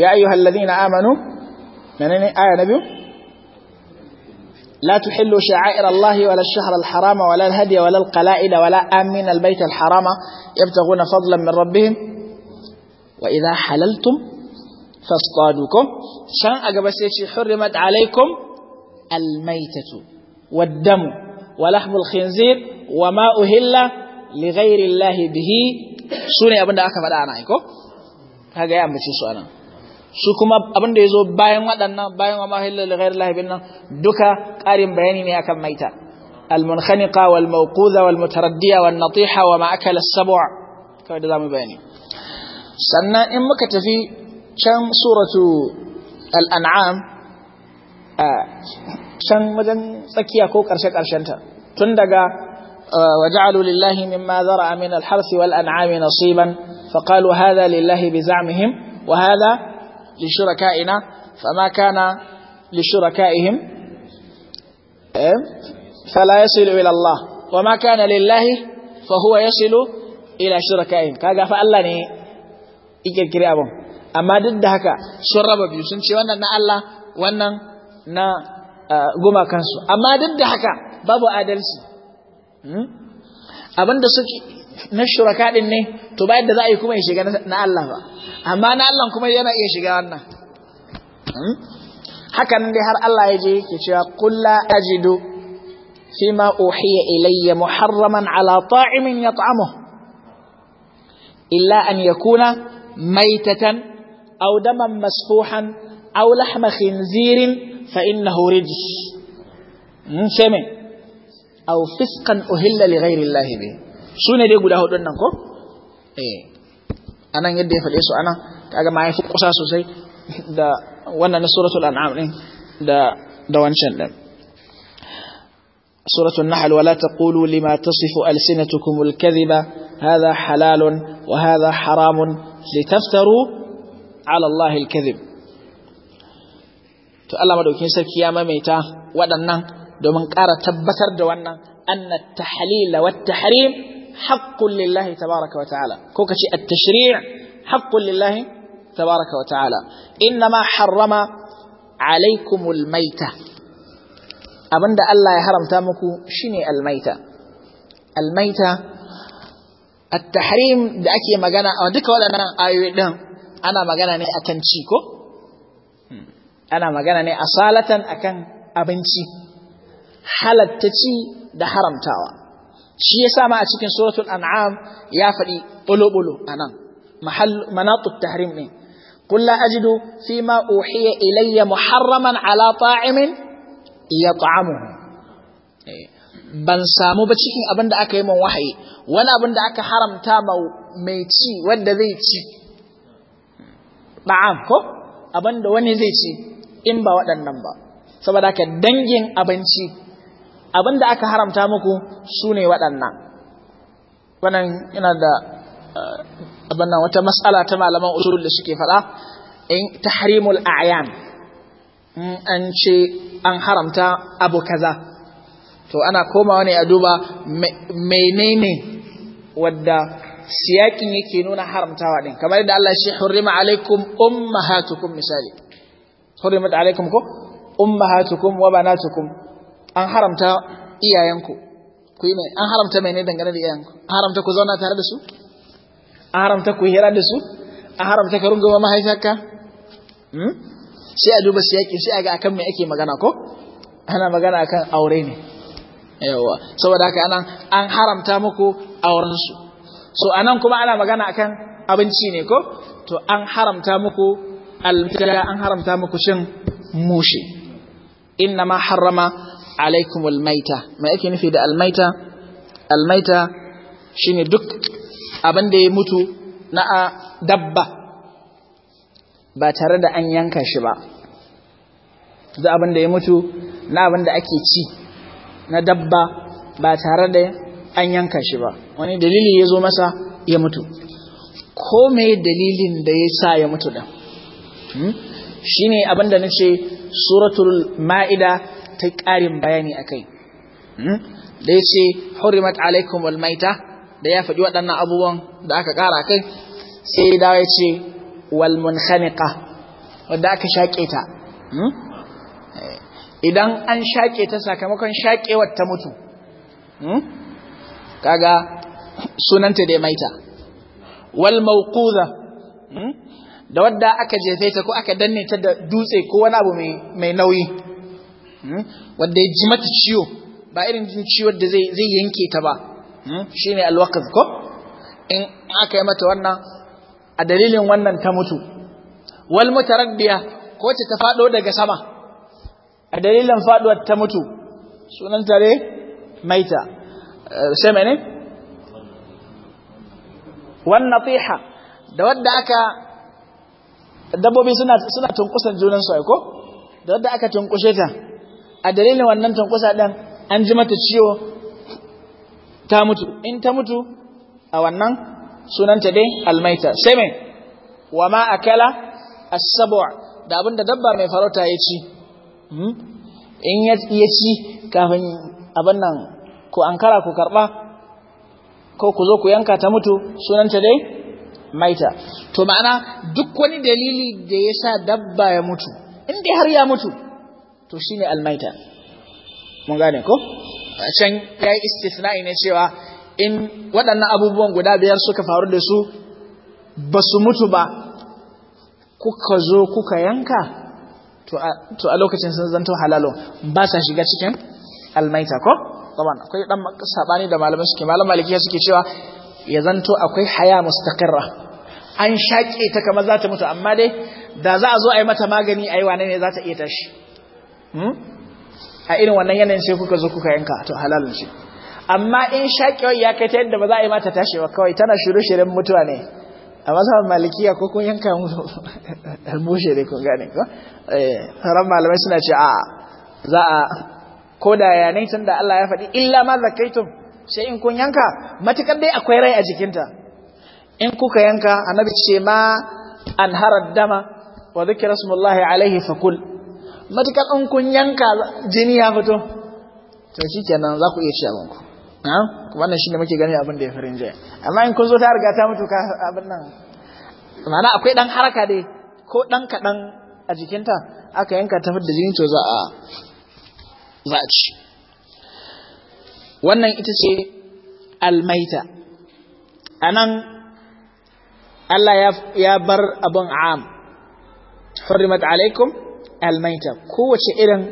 ya ayyuhal ladina amanu menene aya na biyu لا تحلوا شعائر الله ولا الشهر الحرام ولا الهدي ولا القلائد ولا آمين البيت الحرام يبتغون فضلا من ربهم وإذا حللتم فاصطادوكم شان أقبسيتي حرمت عليكم الميتة والدم ولحم الخنزير وما أهل لغير الله به سوني أبن دعاك فدعنا إيكو هذا يا أمبتي سؤالنا su kuma abin da ya zo bayan waɗannan bayan wa mahillar ghairu lahibin nan duka ƙarin bayani ne akan maita al-munkhaniqa wal mawquza wal mutaraddiya wal natiha wa ma akala as-sab'a kawai da zamu bayani sannan in muka tafi can suratu al-an'am can wajen tsakiya ko ƙarshe ta tun daga وجعلوا لله مما ذرأ من الحرث والأنعام نصيبا فقالوا هذا lillahi بزعمهم وهذا li shuraka'ina fama kana li shuraka'ihim fala yasilu ila Allah wa ma kana lillahi fa huwa yasilu ila shuraka'ihim kaga fa Allah ne ikirkiri abun amma duk da haka sun raba biyu sun ce wannan na Allah wannan na gumakansu amma duk da haka babu adalci abinda na shuraka din ne to bayan da za a yi kuma ya shiga na Allah ba amma na Allah kuma yana iya shiga wannan haka nan dai har Allah ya je yake cewa qul la ajidu fima uhiya ilayya muharraman ala ta'imin yat'amu illa an yakuna maytatan aw daman masfuhan aw lahma khinzirin fa innahu rijs mun sheme aw fisqan uhilla li ghayri الله bihi su ne dai guda hudun nan ko eh anan yadda ya faɗe su anan kaga ma yafi kusa sosai da wannan na suratul an'am din da da wancan din suratul nahl wala taqulu lima tasifu alsinatukum alkadhiba hadha halalun wa hadha haramun litaftaru ala allahi alkadhib to Allah madaukin sarki ya maimaita waɗannan domin ƙara tabbatar da wannan anna tahlila wat tahrim haqqun lillahi tabaraka wa ta'ala ko kace at-tashri' haqqun lillahi tabaraka wa ta'ala inma harrama alaykumul maita abinda Allah ya haramta muku shine al-maita al-maita at da ake magana a duka waɗannan ayoyi din ana magana ne a ci ana magana ne asalatan akan abinci halatta da haramtawa shi yasa ma a cikin suratul an'am ya faɗi bulubulu a nan. manatut tahrim ne qul la ajidu fi ma uhiya ilayya muharraman ala ta'imin yat'amuhu eh, ban samu ba cikin abin da aka yi min wahayi wani abin da aka haramta ma mai ci wanda zai ci ba'am ko abin wani zai ci in ba waɗannan ba saboda haka dangin abinci abin da aka haramta muku su ne waɗannan wannan yana da eh, abin wata matsala ta malaman usulul da suke faɗa in tahrimul a'yan an ce an haramta abu kaza to ana komawa ne a duba menene wadda siyakin yake nuna haramtawa din kamar yadda Allah shi hurrima alaikum ummahatukum misali hurrima alaikum ko ummahatukum wa banatukum an haramta iyayenku ku yi mai an haramta mai ne dangane da iyayenku an haramta ku zauna tare da su an haramta ku hira da su an haramta ka rungama mahaifarka hmm? sai a duba siyaki sai a ga akan mai ake magana ko ana magana akan aure ne yawa saboda haka anan an haramta muku auren su so anan kuma ana magana akan abinci ne ko to an haramta muku almutala an haramta muku shin mushi inna ma harrama alaikum almaita mai ake nufi da almaita almaita shine duk abin da ya mutu na dabba ba tare da an yanka shi ba duk abin da ya mutu na abin da ake ci na dabba ba tare da an yanka shi ba wani dalili ya zo masa ya mutu ko mai dalilin da ya sa ya mutu da hmm? shi ne abin da na ce suratul ma'ida ta ƙarin bayani a kai hmm? da ya ce hurimat alaikum walmaita da ya faɗi waɗannan abubuwan da aka ƙara kai sai da ya ce walmunhaniƙa wadda aka shaƙe ta hmm? idan an shaƙe ta sakamakon shaƙewar ta mutu hmm? kaga sunanta da maita walmauƙuza da wadda aka jefe ta ko aka danne ta da dutse ko wani abu mai nauyi Hmm? wanda ya ji mata ciwo ba irin jin ciwo da zai yanke ta ba hmm? shi ne alwaqaz ko in aka yi mata wannan a dalilin wannan ta mutu wal rabbiya ko ce ta fado daga sama a dalilin faduwar ta mutu sunan tare maita eh, sai ne wannan fiha da wadda aka dabbobi suna tunkusan junan su aiko ko da wadda aka tunkushe ta a dalilin wannan tankwasa ɗin an ji mata ciwo ta mutu in ta mutu a wannan sunanta dai almaita sai mai wa ma akala a sabuwa da abinda dabba mai farauta ya ci hmm? in ya ci kafin abin nan ku kara ku karba ko ku zo ku yanka ta mutu sunanta dai maita to ma'ana duk wani dalili da ya sa dabba ya mutu in dai har ya mutu to shine almaita mun gane ko can ya yi istisna'i ne cewa in waɗannan abubuwan guda biyar suka faru da su ba su mutu ba kuka zo kuka yanka to a lokacin sun zanto halalun ba sa shiga cikin almaita ko akwai ɗan saɓani da malamai suke malamai suke cewa ya zanto akwai haya mustaqirra an shaƙe ta kama za ta mutu amma dai da za a zo a yi mata magani a yi wane ne za ta iya tashi Hmm? a irin wannan yanayin sai kuka zo kuka yanka to halal shi amma in shakewar ya kai ta yadda ba za a yi mata tashewa kawai tana shirye-shiryen mutuwa ne a masarar malikiya ko kun yanka musu albushe ne kun gane ko eh, sauran malamai suna ce a za a ko da yanayi tun da Allah ya faɗi illa ma zakaitum sai in kun yanka matukar dai akwai rai a jikinta in kuka yanka annabi ce ma an harar dama wa zikira alaihi fakul matukar in kun yanka jini ya fito to shi kenan za ku iya ci abin ku shi ne muke gani abin da ya farin jaya amma in kun zo ta riga ta mutu ka abin nan ma'ana akwai dan haraka dai ko dan kaɗan a jikinta aka yanka ta da jini to za a za a ci wannan ita ce almaita nan Allah ya bar abin am حرمت عليكم almaita kowace irin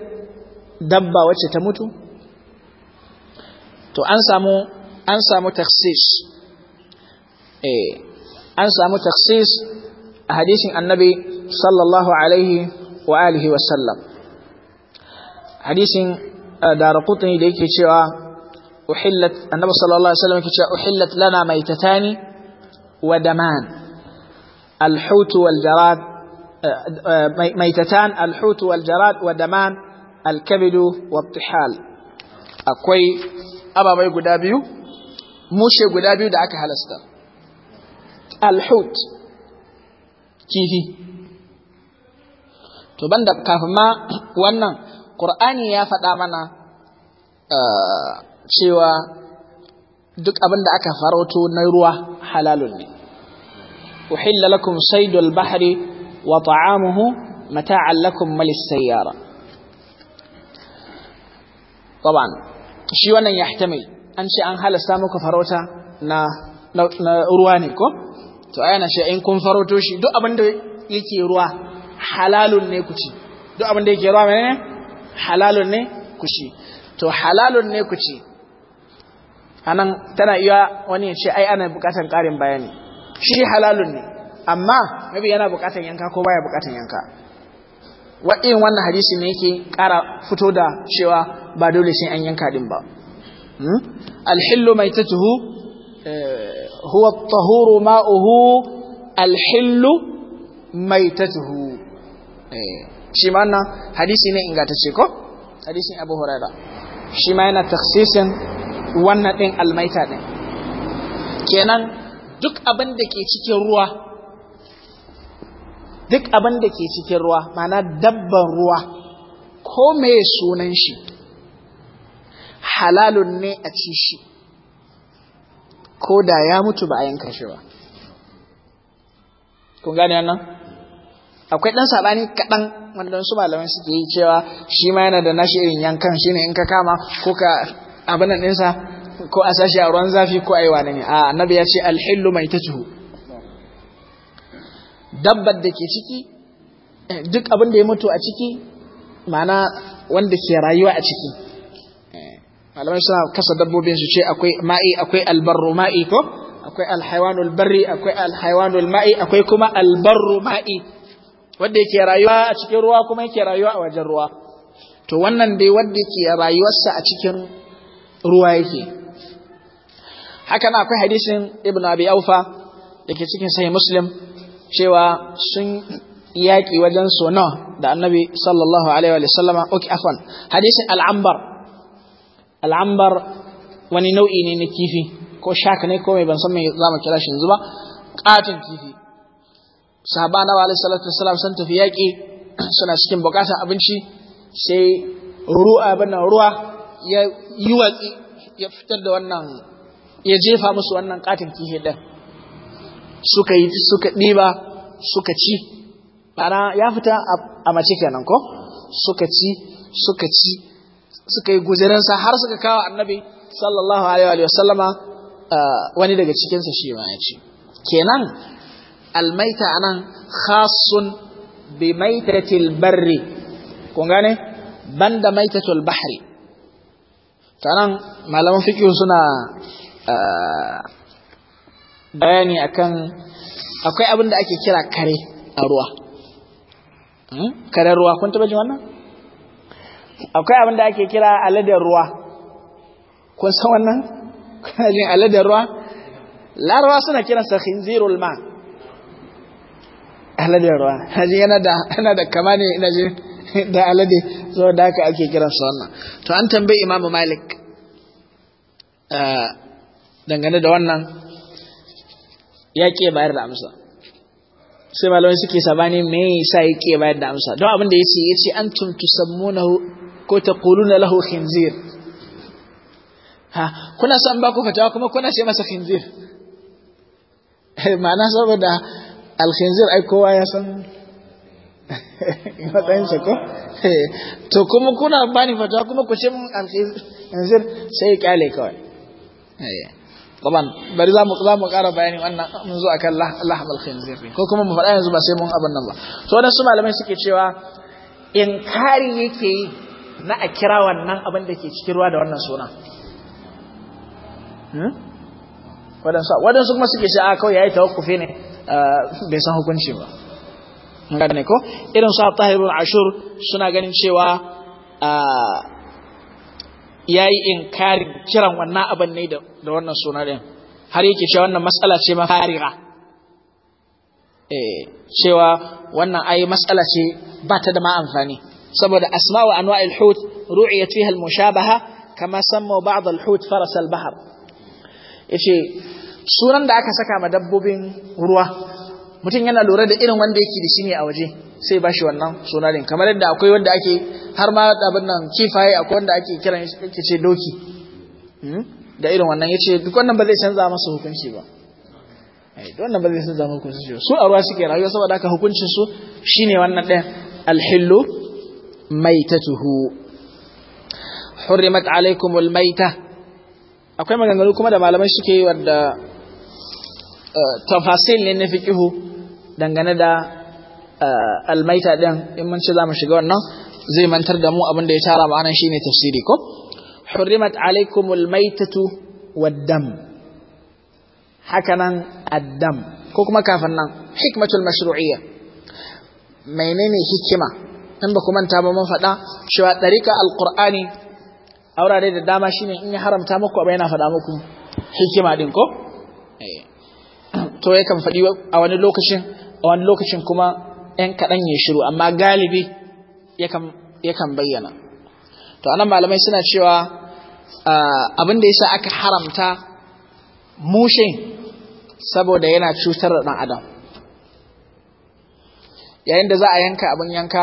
dabba wacce ta mutu to an samu an samu taksis eh an samu taksis a hadisin annabi sallallahu alaihi wa alihi wa sallam hadisin eh, darqutni da yake cewa uhillat annabi sallallahu alaihi wa sallam yake cewa uhillat lana maitatani wa daman wal والجراد maitatan alhut wal jarad wa daman alkabidu wa tihal akwai ababai guda biyu mushe guda biyu da aka halasta alhut kifi to banda kafin ma wannan qur'ani ya faɗa mana cewa duk abin da aka farauto na ruwa halalun ne uhilla lakum saydul bahri wa ta'amuhu mata'an lakum malis sayyara طبعا shi wannan yahtamil an ce an halasta muku farauta na ruwa ne ko to ayana shi in kun farauto shi duk abin da yake ruwa halalun ne ku ci duk abin da yake ruwa ne? halalun ne ku ci to halalun ne ku ci anan tana iya wani ya ce ai ana bukatan karin bayani shi halalun ne amma nabi yana bukatan yanka ko baya bukatan yanka in wannan hadisi ne yake kara fito da cewa ba dole sai an yanka din ba hmm? alhillu maitatuhu eh, huwa at-tahuru ma'uhu alhillu maitatuhu eh, shi ma wannan hadisi ne ingantacce ko hadisin Abu Hurairah shi ma yana takhsisin wannan din almaita din kenan duk abin da ke cikin ruwa duk abin da ke cikin ruwa mana dabban ruwa ko mai sunan shi halalun ne a ci shi ko da ya mutu ba a kun gane wannan akwai ɗan saɓani kaɗan wanda su malamai suke yi cewa shi ma yana da nashi irin yankan shi ne in ka kama ko ka abin ɗinsa ko a sashi a ruwan zafi ko a yi wa ne a annabi ya ce alhillu mai ta dabbar da ke ciki eh, duk abin da ya mutu a ciki ma'ana wanda ke rayuwa a ciki eh, malamai suna kasa dabbobin su ce akwai ma'i akwai albarru ma'i ko akwai alhaiwanul barri akwai alhaiwanul ma'i akwai kuma albarru ma'i wanda yake rayuwa a cikin ruwa kuma yake rayuwa a wajen ruwa to wannan dai wanda ke rayuwarsa a cikin ruwa yake haka na akwai hadisin ibnu abi aufa da cikin sahih muslim cewa sun yaƙi wajen sona da annabi sallallahu alaihi wa sallama ok afan hadisin al'ambar al'ambar wani nau'i ne na kifi ko shaka ne ko mai ban san mai za mu kira shi yanzu ba katin kifi sahaba na alaihi salatu salam sun tafi yaƙi suna cikin bukatar abinci sai ruwa bana ruwa ya yi watsi ya fitar da wannan ya jefa musu wannan katin kifi din suka yi suka ɗiba suka ci ya fita a mace kenan ko suka ci suka ci suka yi har suka kawo annabi sallallahu alaihi wa sallama wani daga cikinsa shi ma ya ci kenan almaita anan khasun bi maitatil barri kun gane banda maitatul bahri sanan malaman fiqh suna bayani akan akwai abin da ake kira kare a ruwa hmm? karen ruwa kun taba jin wannan akwai abin da ake kira aladar ruwa kun san wannan kuna jin aladar ruwa larawa suna kiransa khinzirul ma aladar ruwa haji yana da yana da kama ne ina ji da alade so da haka ake kiransa wannan to an tambayi imamu malik eh, dangane da wannan ya ke bayar da amsa sai malamai suke sabani me yasa ya ke bayar da amsa don abin da yace yace antum tusammunahu ko taquluna lahu khinzir ha kuna son ba ku fatawa kuma kuna ce masa khinzir eh, ma'ana saboda al-khinzir ai kowa ya san matsayinsa ko eh, to kuma kuna bani fatawa kuma ku ce min al-khinzir sai ya kyale kawai eh. Taban, bari za mu ƙara bayani wannan mun zo akan lahmal khinzir ko kuma mu faɗa yanzu ba sai mun abin nan ba to wannan su malamai suke cewa in kari yake yi na a kira wannan abin da ke cikin ruwa da wannan suna hmm? Wadansu waɗansu kuma suke cewa a ah, kawai ya yi tawakkufi ne eh, bai san hukunci ba gane ko irin su a tahirun ashur suna ganin cewa eh, ya yi inkarin kiran wannan abin ne da wannan suna ɗin har yake cewa wannan matsala ce mafariga eh, cewa wannan ayi matsala ce ba ta da ma amfani saboda asma'u anwa hut ru'i fiha al-mushabaha kama samma ba'd da hut faras yace sunan da aka saka ma dabbobin ruwa mutum yana lura da irin wanda yake da shi ne a waje sai ba shi wannan sunanin kamar yadda akwai wanda ake har ma abin nan kifaye akwai wanda ake kiran yake ce doki hmm? da irin wannan yace duk wannan ba zai canza masa hukunci ba ai eh, duk wannan ba zai canza masa hukunci su a ruwa suke rayuwa saboda haka hukuncin su shine wannan ɗayan alhillu maitatuhu hurrimat alaikumul maita akwai maganganu kuma da malamai suke yi wanda tafasil ne na fiqihu dangane da eh, almaita din in mun ci shiga wannan zai mantar da mu abin da ya tara ma'anan ne tafsiri ko hurrimat alaikumul maitatu waddam hakanan addam ko kuma kafin nan hikmatul mashru'iyya menene hikima in ba ku manta ba mun faɗa cewa ɗarika alqur'ani aurare da dama shine in ya haramta muku abu yana faɗa muku hikima din ko eh to yakan faɗi a wani lokacin a wani lokacin kuma ‘yan kaɗan ya shiru amma galibi yakan bayyana to anan malamai suna cewa abin da ya sa aka haramta mushin saboda yana cutar da ɗan adam yayin da za a yanka abin yanka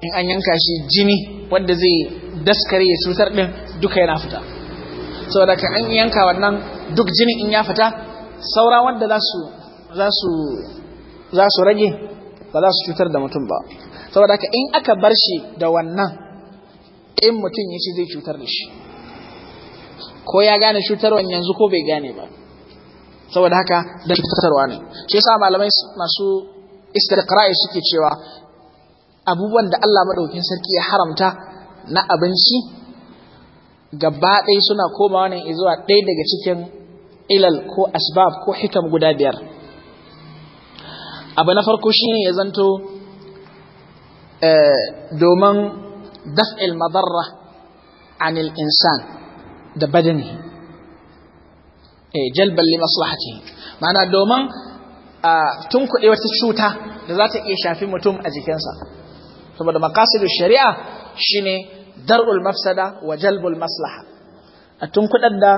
in an yanka shi jini wanda zai daskare ya cutar ɗin duka yana fita saboda ka an yanka wannan duk jini in ya fita saura wanda za su rage ba za su cutar da mutum ba saboda haka in aka bar shi da wannan in mutum ya ce zai cutar da shi ko ya gane cutarwa yanzu ko bai gane ba saboda haka da cutarwa ne shi sa malamai masu istiqra'i suke cewa abubuwan da Allah maɗaukin sarki ya haramta na abinci gaba ɗaya suna komawa ne zuwa ɗaya daga cikin ilal ko asbab ko hikam guda biyar abu na farko shine ya zanto eh, domin daf'il madarra anil insan da badani eh, jalban maslahati ma'ana domin tun kuɗe wata cuta da za ta iya shafi mutum a jikinsa saboda makasidu shari'a shine dar'ul mafsada wa jalbul maslaha a tun kuɗar da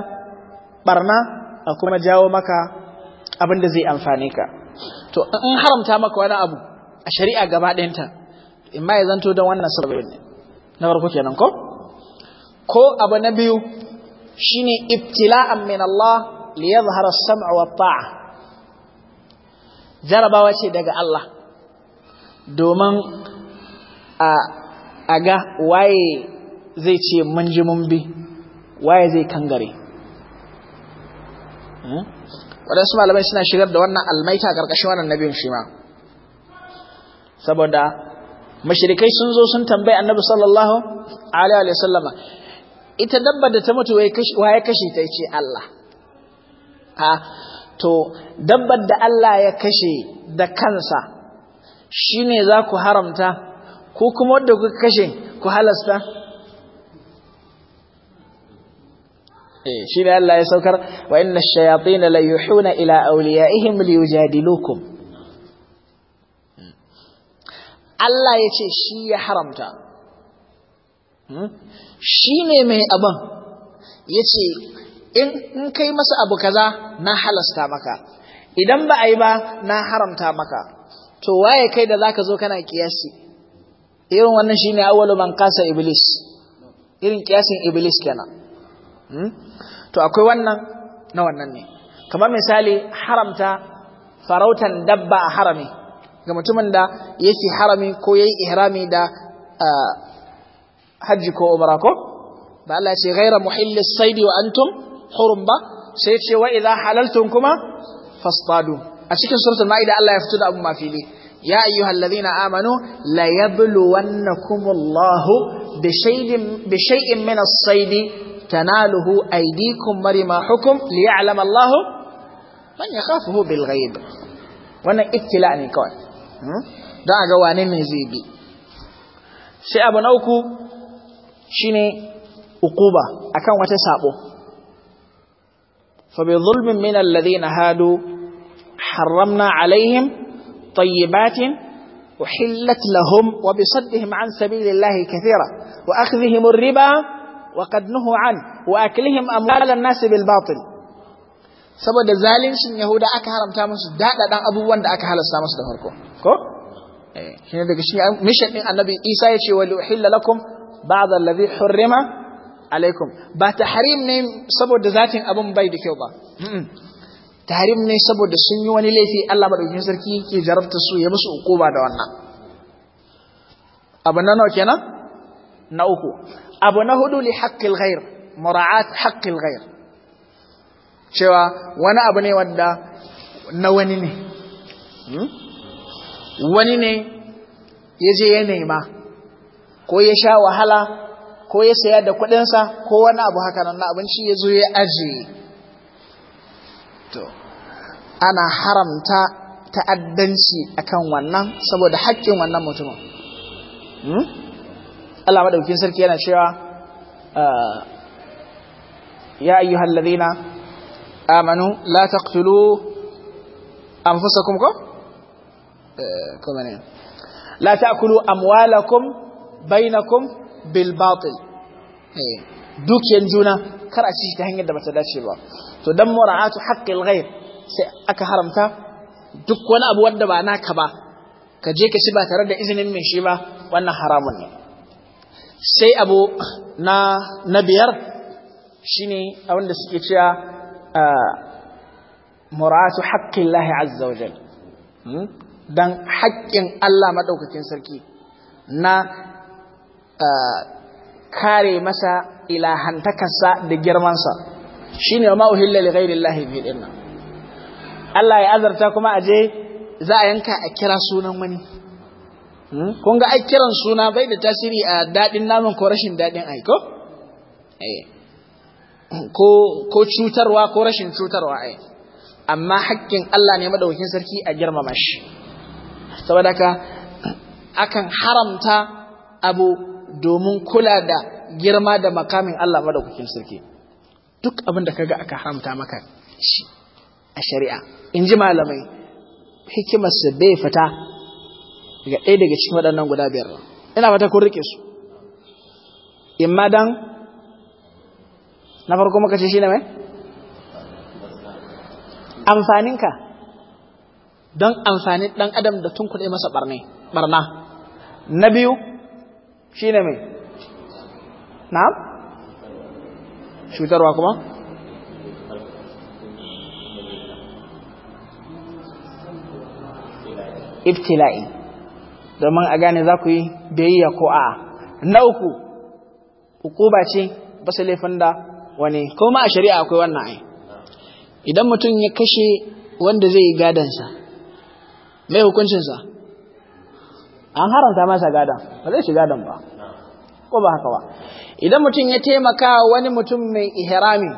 ɓarna a kuma jawo maka abin da zai amfane ka to in haramta maka wani abu a shari'a gaba ɗayanta in ma ya zanto don wannan sababin ne na farko kenan ko ko abu na biyu shine ibtila'an min Allah li yadhhara as-sam'u wa ta'a jarabawa ce daga Allah domin a a ga waye zai ce mun ji mun bi waye zai kangare Hmm? waɗansu malamai suna shigar da wannan almaita ƙarƙashin wannan nabin shi ma saboda mashirikai sun zo sun tambayi annabi sallallahu alaihi wa sallama ita dabba da ta mutu waye kashe ta ce Allah ha to dabbar da Allah ya kashe da kansa shine za ku haramta ko kuma wadda kuka kashe ku halasta shi ne Allah ya saukar wa inna shayatin la yuhuna ila awliyaihim liyujadilukum Allah ya ce shi ya haramta shi ne mai abin ya ce in kai masa abu kaza na halasta maka idan ba a yi ba na haramta maka to waye kai da zaka zo kana kiyasi irin wannan shine awwalu man qasa iblis irin kiyasin iblis kenan Hmm? to akwai wannan na wannan ne kamar misali haramta farautan dabba a harami ga mutumin da yake harami ko ya yi ihrami da hajji ko umra ko ba Allah ce ghaira muhilli saidi wa antum hurum ba sai ce wa idza halaltum kuma fastadu a cikin suratul maida Allah ya fito da abu mafili ya ayyuhal ladina amanu la yabluwannakum Allahu bi shay'in bi shay'in min as-saidi تناله أيديكم مرما حكم ليعلم الله من يخافه بالغيب وانا ابتلاء نكون دعا قوانين من زيبي سيابو نوكو شيني أقوبة أكون وتسابو فبظلم من الذين هادوا حرمنا عليهم طيبات وحلت لهم وبصدهم عن سبيل الله كثيرا وأخذهم الربا وقد نهوا عنه واكلهم اموال الناس بالباطل saboda zalincin yahuda aka haramta musu dadadan abubuwan da aka halasta musu da farko ko eh shine daga shi mission din annabi Isa ya yace wa uhilla lakum ba'd alladhi hurrima alaikum ba tahrim ne saboda zatin abun bai da kyau ba tahrim ne saboda sun yi wani laifi Allah madaukakin sarki yake jarabta su ya musu hukuma da wannan abu na kenan na uku abu na hudu li haƙƙil ghair mura'at haƙƙil ghair cewa wani abu ne wanda na wani ne hmm? wani ne ya je ya nema ko ya sha wahala ko ya saya da kuɗinsa ko wani abu haka nan na abinci ya zo ya ajiye to ana haramta ta'addanci akan wannan saboda haƙƙin wannan mutumin hmm? Allah madaukakin sarki yana cewa ah, ya ayyuhal ladina amanu la taqtulu anfusakum ko eh, kuma ne la ta'kulu amwalakum bainakum bil batil eh, dukiyan juna kar a ci ta hanyar da bata dace ba to dan mura'atu haqqil ghaib sai aka haramta duk wani abu wanda ba naka ba ka je ka ci ba tare da izinin mai shi ba wannan haramun ne sai abu na na biyar shine a wanda suke cewa muratu haqqillahi azza wa jal hmm? dan haƙƙin Allah maɗaukakin sarki na kare masa ilahantakarsa da girmansa shine ma uhilla li ghairillahi bi Allah ya azarta kuma aje za a yanka a kira sunan wani Hmm? kun ga ai kiran suna bai da tasiri a daɗin naman ko rashin daɗin ai ko eh. ko cutarwa ko rashin cutarwa ai amma hakkin Allah ne madaukin sarki a girmama shi saboda ka akan haramta abu domin kula da girma da makamin Allah madaukin sarki duk abin da kaga aka haramta maka shi a shari'a in ji malamai su bai fita daga ɗaya daga cikin waɗannan guda biyar ina fata kun rike su ma dan na farko muka ce shi ne mai amfaninka don amfani ɗan adam da tun kuɗe masa ɓarna na biyu shi ne mai na cutarwa kuma ibtila'i domin a gane za ku yi biyayya ko a na uku hukuba ce ba su laifin da wani kuma a shari'a akwai wannan ai idan mutum ya kashe wanda zai yi gadansa mai hukuncinsa an haramta masa gada ba zai shi gadan ba ko ba haka ba idan mutum ya taimaka wani mutum mai ihrami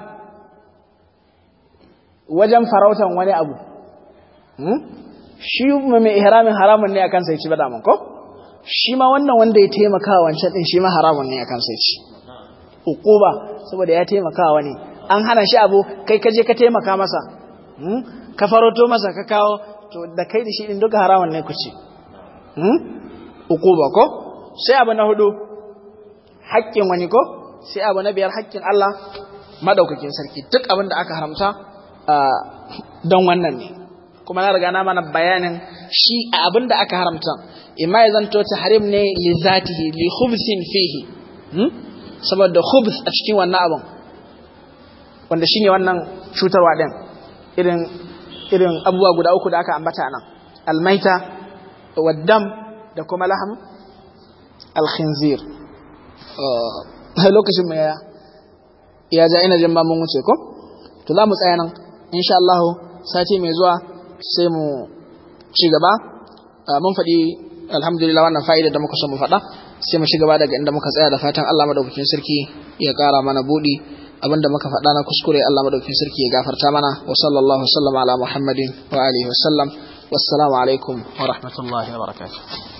wajen farautan wani abu hmm? shi mai ihramin haramun ne akan sai ci ba damun ko shi ma wannan wanda ya taimaka wancan din shi ma haramun ne akan sai ci uquba saboda ya taimaka ne an hana shi abu kai ka je ka taimaka masa hmm? ka faroto masa ka kawo to da kai da shi din duka haramun ne ku ci hmm? uquba ko sai abu na hudu haƙƙin wani ko sai abu na biyar haƙƙin Allah madaukakin sarki duk abin da aka haramta ah, don wannan ne kuma na riga na mana bayanin shi a abin da aka haramta imma ya zanto harim ne li zatihi li khubsin fihi hmm? saboda khubs a cikin wannan abin wanda shine wannan cutarwa din irin irin abubuwa guda uku da aka ambata nan almaita waddam da kuma laham alkhinzir eh, lokacin mai ya ya ja ina jin ba mun wuce ko to za mu tsaya nan insha Allah sati mai zuwa sai mu ci gaba ah, mun faɗi alhamdulillah wannan fa'ida da muka so mu faɗa sai mu ci gaba daga inda muka tsaya da fatan Allah madaukakin sarki ya ƙara mana buɗi abinda muka faɗa na kuskure Allah madaukakin sarki ya gafarta mana wa sallallahu sallama ala muhammadin wa alihi wa sallam wassalamu alaikum wa rahmatullahi wa barakatuh